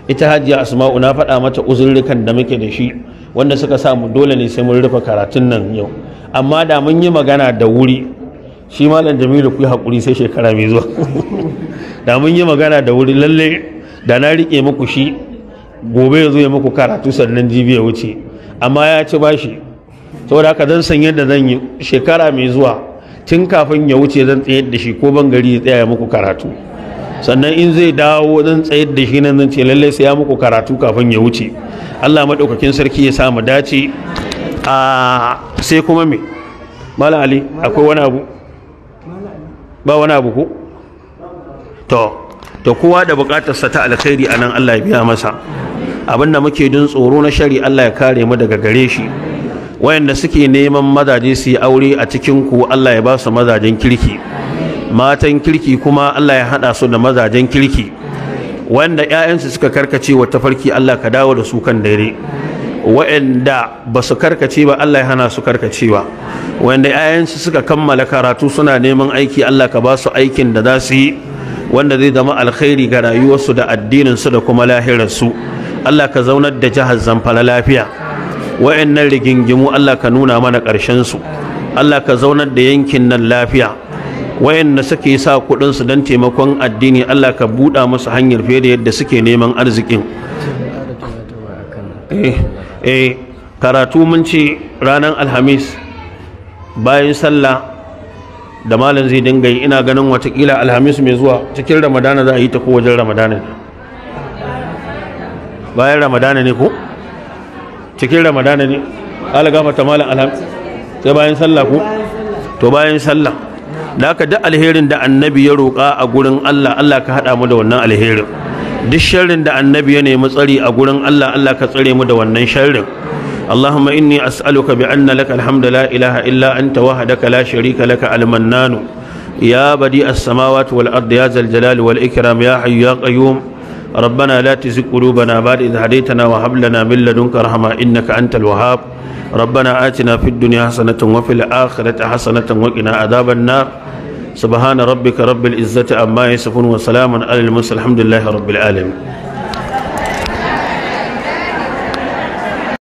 ita hajiya asma'u na faɗa mata uzurrukan da muke da shi wanda suka sa mu dole ne sai mun rufe karatun nan yau amma da mun yi magana da wuri shi malam jamilu ku yi haƙuri sai shekara mai zuwa da mun yi magana da wuri lalle da na rike muku shi gobe ya zo ya muku karatu sannan jibi ya wuce amma ya ci bashi saboda haka zan san yadda zan yi shekara mai zuwa tun kafin ya wuce zan tsayar da shi ko ban gari ya tsaya muku karatu sannan in zai dawo zan tsayar da shi nan zan ce lallai sai ya muku karatu kafin ya wuce Allah maɗaukakin sarki ya samu dace a sai kuma me Malam Ali akwai wani abu ba wani abu ko to to kowa da sa ta alkhairi anan Allah ya biya masa abinda muke jin tsoro na shari Allah ya kare mu daga gare shi wayanda suke neman mazaje su yi aure a cikin ku Allah ya ba su mazajen kirki matan kirki kuma Allah ya hada su da mazajen kirki wanda ƴaƴansu suka karkace wa tafarki Allah ka dawo da su kan dare wayanda ba su karkace ba Allah ya hana su karkacewa wayanda ƴaƴansu suka kammala karatu suna neman aiki Allah ka ba su aikin da za su yi wanda zai zama alkhairi ga rayuwarsu da addinin su da kuma lahirar su Allah ka zaunar da jihar Zamfara lafiya wayannan rigingimu Allah ka nuna mana ƙarshen su Allah ka zaunar da yankin nan lafiya na suke sa kuɗin su don taimakon addini Allah ka buɗa musu hanyar fiye da yadda suke neman arzikin eh, eh karatu mun ce ranar alhamis bayan sallah da malam zai dinga yi ina ganin watakila alhamis mai zuwa cikin ramadana za a yi ta ko wajen ramadana bayan ramadana ne ko cikin ramadana ne algafa ta malam alham sai bayan sallah ko to bayan sallah da aka duk alherin da annabi ya roƙa a gurin Allah Allah ka haɗa mu da wannan alherin duk sharrin da annabi ya nemi tsari a gurin Allah Allah ka tsare mu da wannan sharrin اللهم إني أسألك بأن لك الحمد لا إله إلا أنت وحدك لا شريك لك المنان يا بديع السماوات والأرض يا ذا الجلال والإكرام يا حي يا قيوم ربنا لا تزغ قلوبنا بعد إذ هديتنا وهب لنا من لدنك رحمة إنك أنت الوهاب ربنا آتنا في الدنيا حسنة وفي الآخرة حسنة وقنا عذاب النار سبحان ربك رب العزة عما يصفون وسلام على المرسلين الحمد لله رب العالمين